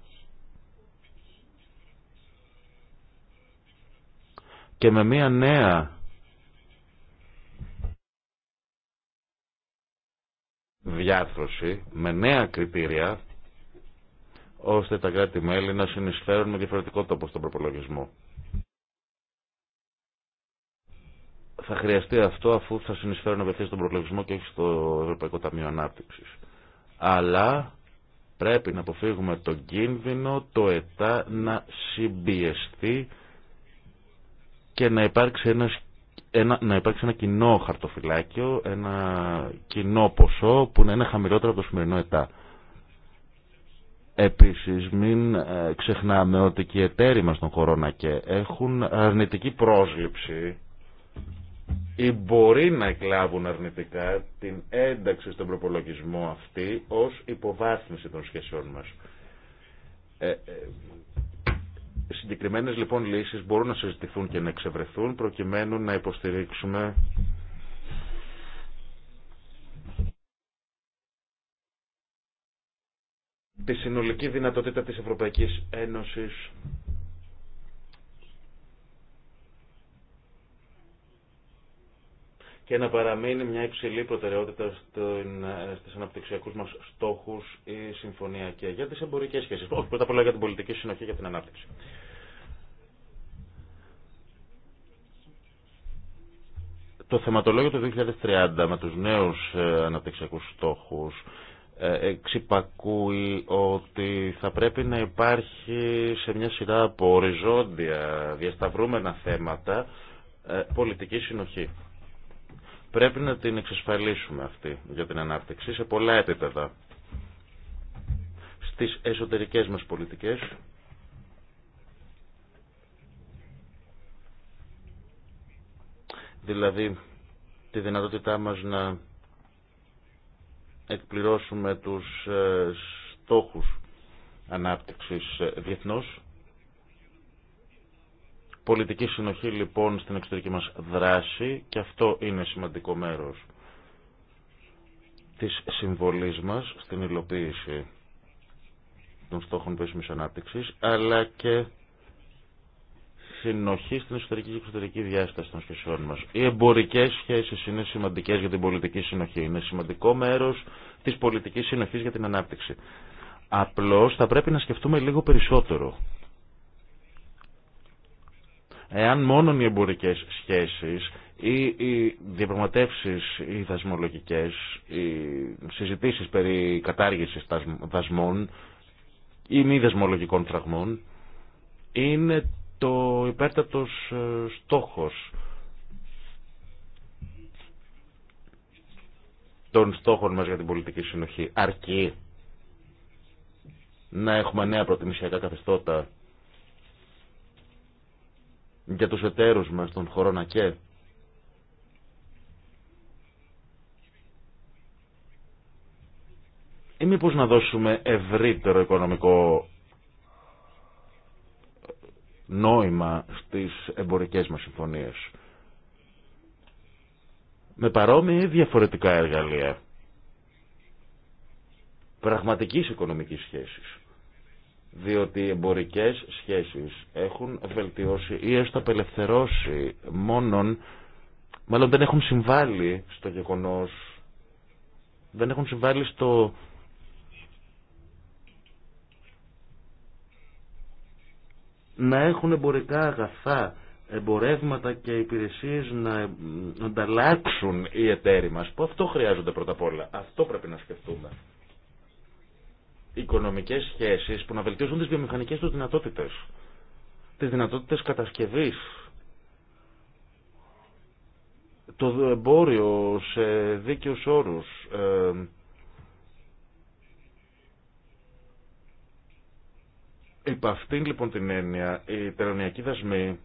και με μια νέα διάρθρωση, με νέα κριτήρια, ώστε τα κράτη-μέλη να συνεισφέρουν με διαφορετικό τόπο στον προπολογισμό. Θα χρειαστεί αυτό αφού θα συνεισφέρουν απευθεία στον προπολογισμό και όχι στο Ευρωπαϊκό Ταμείο Ανάπτυξη. Αλλά πρέπει να αποφύγουμε τον κίνδυνο το ΕΤΑ να συμπιεστεί και να υπάρξει ένας ένα, να υπάρξει ένα κοινό χαρτοφυλάκιο, ένα κοινό ποσό που να είναι χαμηλότερο από το σημερινό ΕΤΑ. Επίσης μην ε, ξεχνάμε ότι και οι εταίροι μας των χωρών και έχουν αρνητική πρόσληψη ή μπορεί να εκλάβουν αρνητικά την ένταξη στον προπολογισμό αυτή ως υποβάθμιση των σχέσεών μας. Ε, ε, Συγκεκριμένες λοιπόν λύσεις μπορούν να συζητηθούν και να εξευρεθούν προκειμένου να υποστηρίξουμε τη συνολική δυνατότητα της Ευρωπαϊκής Ένωσης και να παραμείνει μια υψηλή προτεραιότητα στις αναπτυξιακούς μας στόχους η συμφωνία και για τις εμπορικές σχέσεις. Όχι, πρώτα απ' όλα για την πολιτική συνοχή και την ανάπτυξη. Το θεματολόγιο του 2030 με τους νέους ε, αναπτυξιακούς στόχους ε, εξυπακούει ότι θα πρέπει να υπάρχει σε μια σειρά από οριζόντια διασταυρούμενα θέματα ε, πολιτική συνοχή. Πρέπει να την εξασφαλίσουμε αυτή για την ανάπτυξη σε πολλά επίπεδα. Στις εσωτερικές μας πολιτικές δηλαδή τη δυνατότητά μας να εκπληρώσουμε τους ε, στόχους ανάπτυξης ε, διεθνώς. Πολιτική συνοχή λοιπόν στην εξωτερική μας δράση και αυτό είναι σημαντικό μέρος της συμβολής μας στην υλοποίηση των στόχων πέσιμης ανάπτυξης αλλά και συνοχή στην εσωτερική και εξωτερική διάσταση των σχέσεών μα. Οι εμπορικέ σχέσει είναι σημαντικέ για την πολιτική συνοχή. Είναι σημαντικό μέρο τη πολιτική συνοχή για την ανάπτυξη. Απλώ θα πρέπει να σκεφτούμε λίγο περισσότερο. Εάν μόνο οι εμπορικέ σχέσει ή οι διαπραγματεύσει, οι δασμολογικέ, οι συζητήσει περί κατάργηση δασμών ή μη δασμολογικών φραγμών είναι το υπέρτατος ε, στόχος των στόχων μας για την πολιτική συνοχή αρκεί να έχουμε νέα προτιμησιακά καθεστώτα για τους εταίρους μας των χωρών ΑΚΕ. Ή μήπως να δώσουμε ευρύτερο οικονομικό νόημα στις εμπορικές μας συμφωνίες. Με παρόμοια ή διαφορετικά εργαλεία. Πραγματικής οικονομικής σχέσης. Διότι οι εμπορικές σχέσεις έχουν βελτιώσει ή έστω απελευθερώσει μόνον, μάλλον δεν έχουν συμβάλει στο γεγονός, δεν έχουν συμβάλει στο να έχουν εμπορικά αγαθά, εμπορεύματα και υπηρεσίες να ανταλλάξουν οι εταίροι μας, που αυτό χρειάζονται πρώτα απ' όλα. Αυτό πρέπει να σκεφτούμε. Οικονομικές σχέσεις που να βελτιώσουν τις βιομηχανικές τους δυνατότητες, τις δυνατότητες κατασκευής, το εμπόριο σε δίκαιους όρους, ε, Υπ' αυτήν λοιπόν την έννοια, οι τελωνιακή δασμοί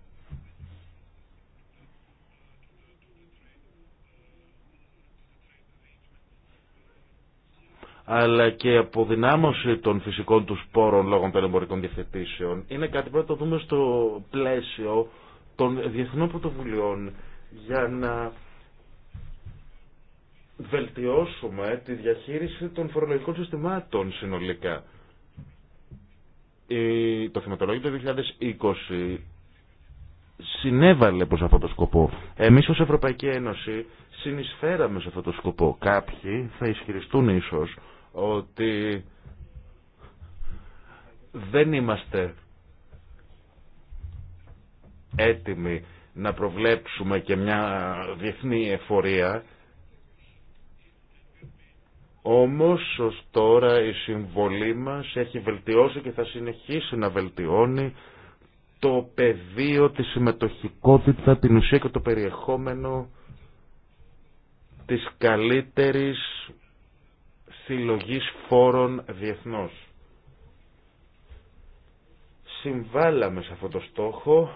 αλλά και η αποδυνάμωση των φυσικών του πόρων λόγω των εμπορικών διευθετήσεων είναι κάτι που θα το δούμε στο πλαίσιο των διεθνών πρωτοβουλειών για να βελτιώσουμε τη διαχείριση των φορολογικών συστημάτων συνολικά το θεματολόγιο του 2020 συνέβαλε προς αυτό το σκοπό. Εμείς ως Ευρωπαϊκή Ένωση συνεισφέραμε σε αυτό το σκοπό. Κάποιοι θα ισχυριστούν ίσως ότι δεν είμαστε έτοιμοι να προβλέψουμε και μια διεθνή εφορία όμως ως τώρα η συμβολή μας έχει βελτιώσει και θα συνεχίσει να βελτιώνει το πεδίο, τη συμμετοχικότητα, την ουσία και το περιεχόμενο της καλύτερης συλλογής φόρων διεθνώς. Συμβάλαμε σε αυτό το στόχο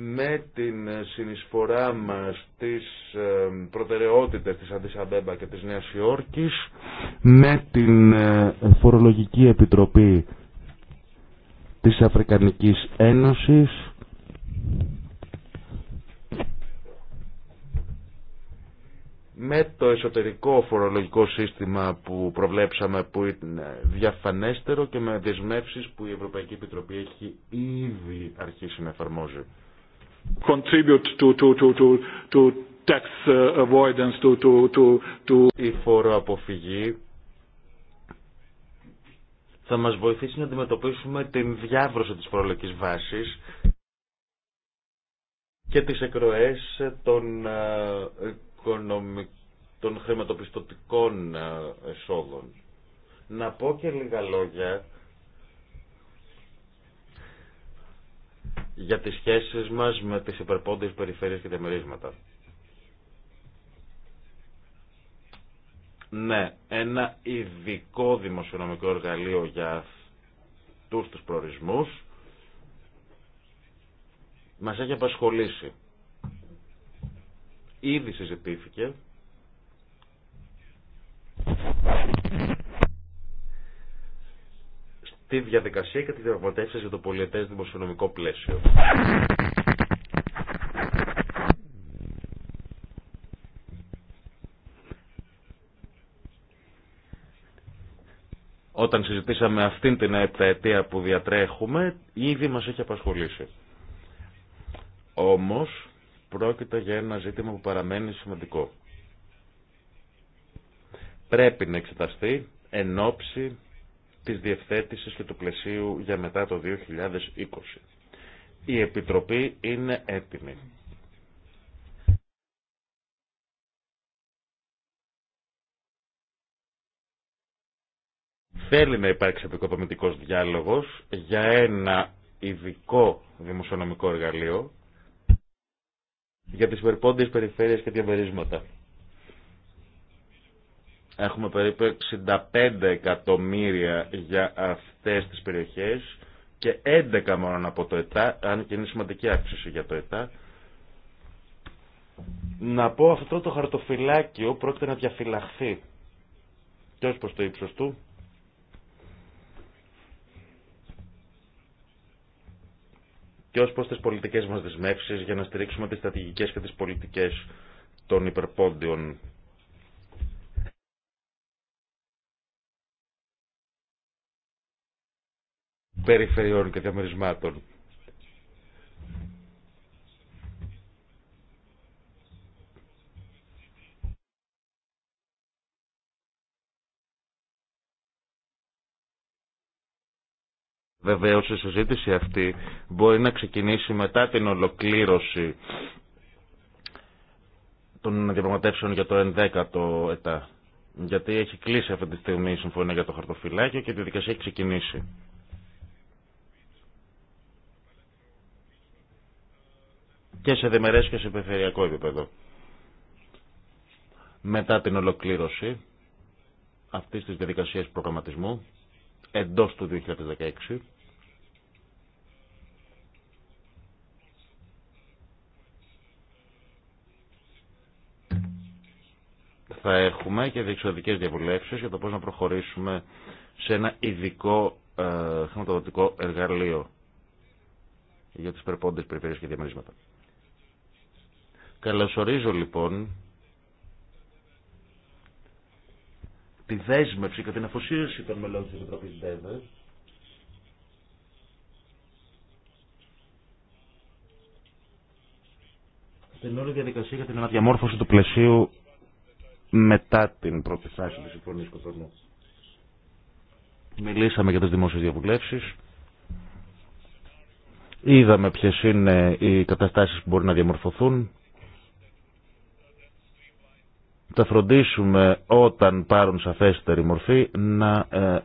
με την συνεισφορά μας τις ε, προτεραιότητες της Αντισαμπέμπα και της Νέας Υόρκης, με την ε, Φορολογική Επιτροπή της Αφρικανικής Ένωσης, με το εσωτερικό φορολογικό σύστημα που προβλέψαμε που είναι διαφανέστερο και με δεσμεύσεις που η Ευρωπαϊκή Επιτροπή έχει ήδη αρχίσει να εφαρμόζει. Contribute to, to, tax uh, avoidance, to, to, Η φοροαποφυγή θα μας βοηθήσει να αντιμετωπίσουμε την διάβρωση της φορολογικής βάσης και τις εκροές των, ε, των χρηματοπιστωτικών ε, εσόδων. Να πω και λίγα λόγια για τις σχέσεις μας με τις υπερπόντες περιφέρειες και διαμερίσματα. Ναι, ένα ειδικό δημοσιονομικό εργαλείο για αυτούς τους προορισμούς μας έχει απασχολήσει. Ήδη συζητήθηκε τη διαδικασία και τις διαπραγματεύσεις για το πολιετές δημοσιονομικό πλαίσιο. Όταν συζητήσαμε αυτήν την επταετία που διατρέχουμε, ήδη μας έχει απασχολήσει. Όμως, πρόκειται για ένα ζήτημα που παραμένει σημαντικό. Πρέπει να εξεταστεί εν ώψη της διευθέτησης και του πλαισίου για μετά το 2020. Η Επιτροπή είναι έτοιμη. Θέλει να υπάρξει επικοδομητικός διάλογος για ένα ειδικό δημοσιονομικό εργαλείο για τις περιπόντες περιφέρειες και διαμερίσματα. Έχουμε περίπου 65 εκατομμύρια για αυτές τις περιοχές και 11 μόνο από το ΕΤΑ, αν και είναι σημαντική αύξηση για το ΕΤΑ. Να πω αυτό το χαρτοφυλάκιο πρόκειται να διαφυλαχθεί και ως προς το ύψος του. Και ως προς τις πολιτικές μας δεσμεύσεις για να στηρίξουμε τις στρατηγικές και τις πολιτικές των υπερπόντιων περιφερειών και διαμερισμάτων. Βεβαίω η συζήτηση αυτή μπορεί να ξεκινήσει μετά την ολοκλήρωση των διαπραγματεύσεων για το 11ο ΕΤΑ. Γιατί έχει κλείσει αυτή τη στιγμή η συμφωνία για το χαρτοφυλάκιο και τη δικασία έχει ξεκινήσει. και σε δημερές και σε περιφερειακό επίπεδο. Μετά την ολοκλήρωση αυτής της διαδικασίας προγραμματισμού εντός του 2016 θα έχουμε και διεξοδικές διαβουλεύσεις για το πώς να προχωρήσουμε σε ένα ειδικό ε, χρηματοδοτικό εργαλείο για τις περπόντες περιφέρειες και διαμερίσματα. Καλωσορίζω λοιπόν τη δέσμευση και την αφοσίωση των μελών της Επιτροπής ΔΕΒΕ στην όλη διαδικασία για την αναδιαμόρφωση του πλαισίου μετά την πρώτη φάση της Συμφωνίας Κοτονού. Μιλήσαμε για τις δημόσιες διαβουλεύσεις. Είδαμε ποιες είναι οι καταστάσεις που μπορεί να διαμορφωθούν θα φροντίσουμε όταν πάρουν σαφέστερη μορφή να ε,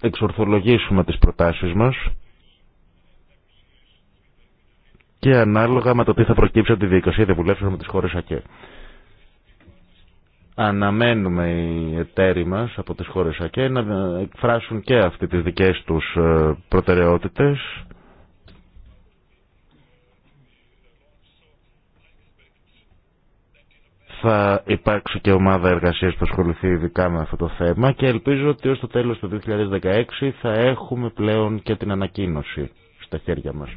εξορθολογήσουμε τις προτάσεις μας και ανάλογα με το τι θα προκύψει από τη διοικασία διαβουλεύσεων με τις χώρες ΑΚΕ. Αναμένουμε οι εταίροι μας από τις χώρες ΑΚΕ να εκφράσουν και αυτοί τις δικές τους ε, προτεραιότητες θα υπάρξει και ομάδα εργασίας που ασχοληθεί ειδικά με αυτό το θέμα και ελπίζω ότι ως το τέλος του 2016 θα έχουμε πλέον και την ανακοίνωση στα χέρια μας.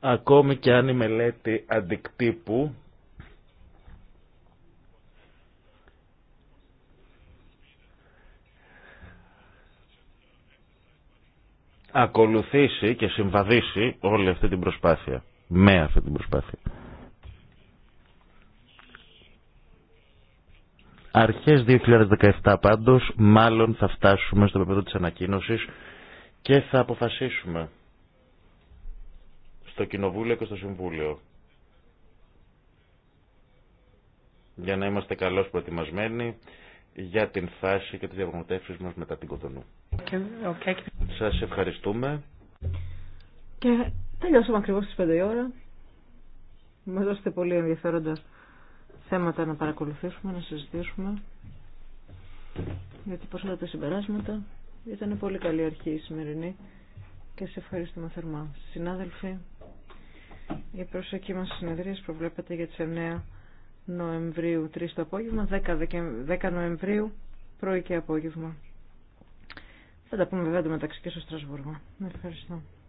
Ακόμη και αν η μελέτη αντικτύπου ακολουθήσει και συμβαδίσει όλη αυτή την προσπάθεια, με αυτή την προσπάθεια. Αρχές 2017 πάντως μάλλον θα φτάσουμε στο επίπεδο της ανακοίνωσης και θα αποφασίσουμε στο Κοινοβούλιο και στο Συμβούλιο για να είμαστε καλώς προετοιμασμένοι για την φάση και τις διαπραγματεύσεις μας μετά την Κοτονού. Okay. Okay. Σας ευχαριστούμε. Και τελειώσαμε ακριβώς στις 5 η ώρα. Μας δώσετε πολύ ενδιαφέροντα θέματα να παρακολουθήσουμε, να συζητήσουμε. Γιατί προσέτα τα συμπεράσματα ήταν πολύ καλή αρχή η σημερινή και σε ευχαριστούμε θερμά. Συνάδελφοι, η προσοχή μας συνεδρίες προβλέπεται για τι 9 Νοεμβρίου 3 το απόγευμα, 10, 10 Νοεμβρίου πρωί και απόγευμα. Θα τα πούμε βέβαια το μεταξύ και στο Στρασβούργο. Ευχαριστώ.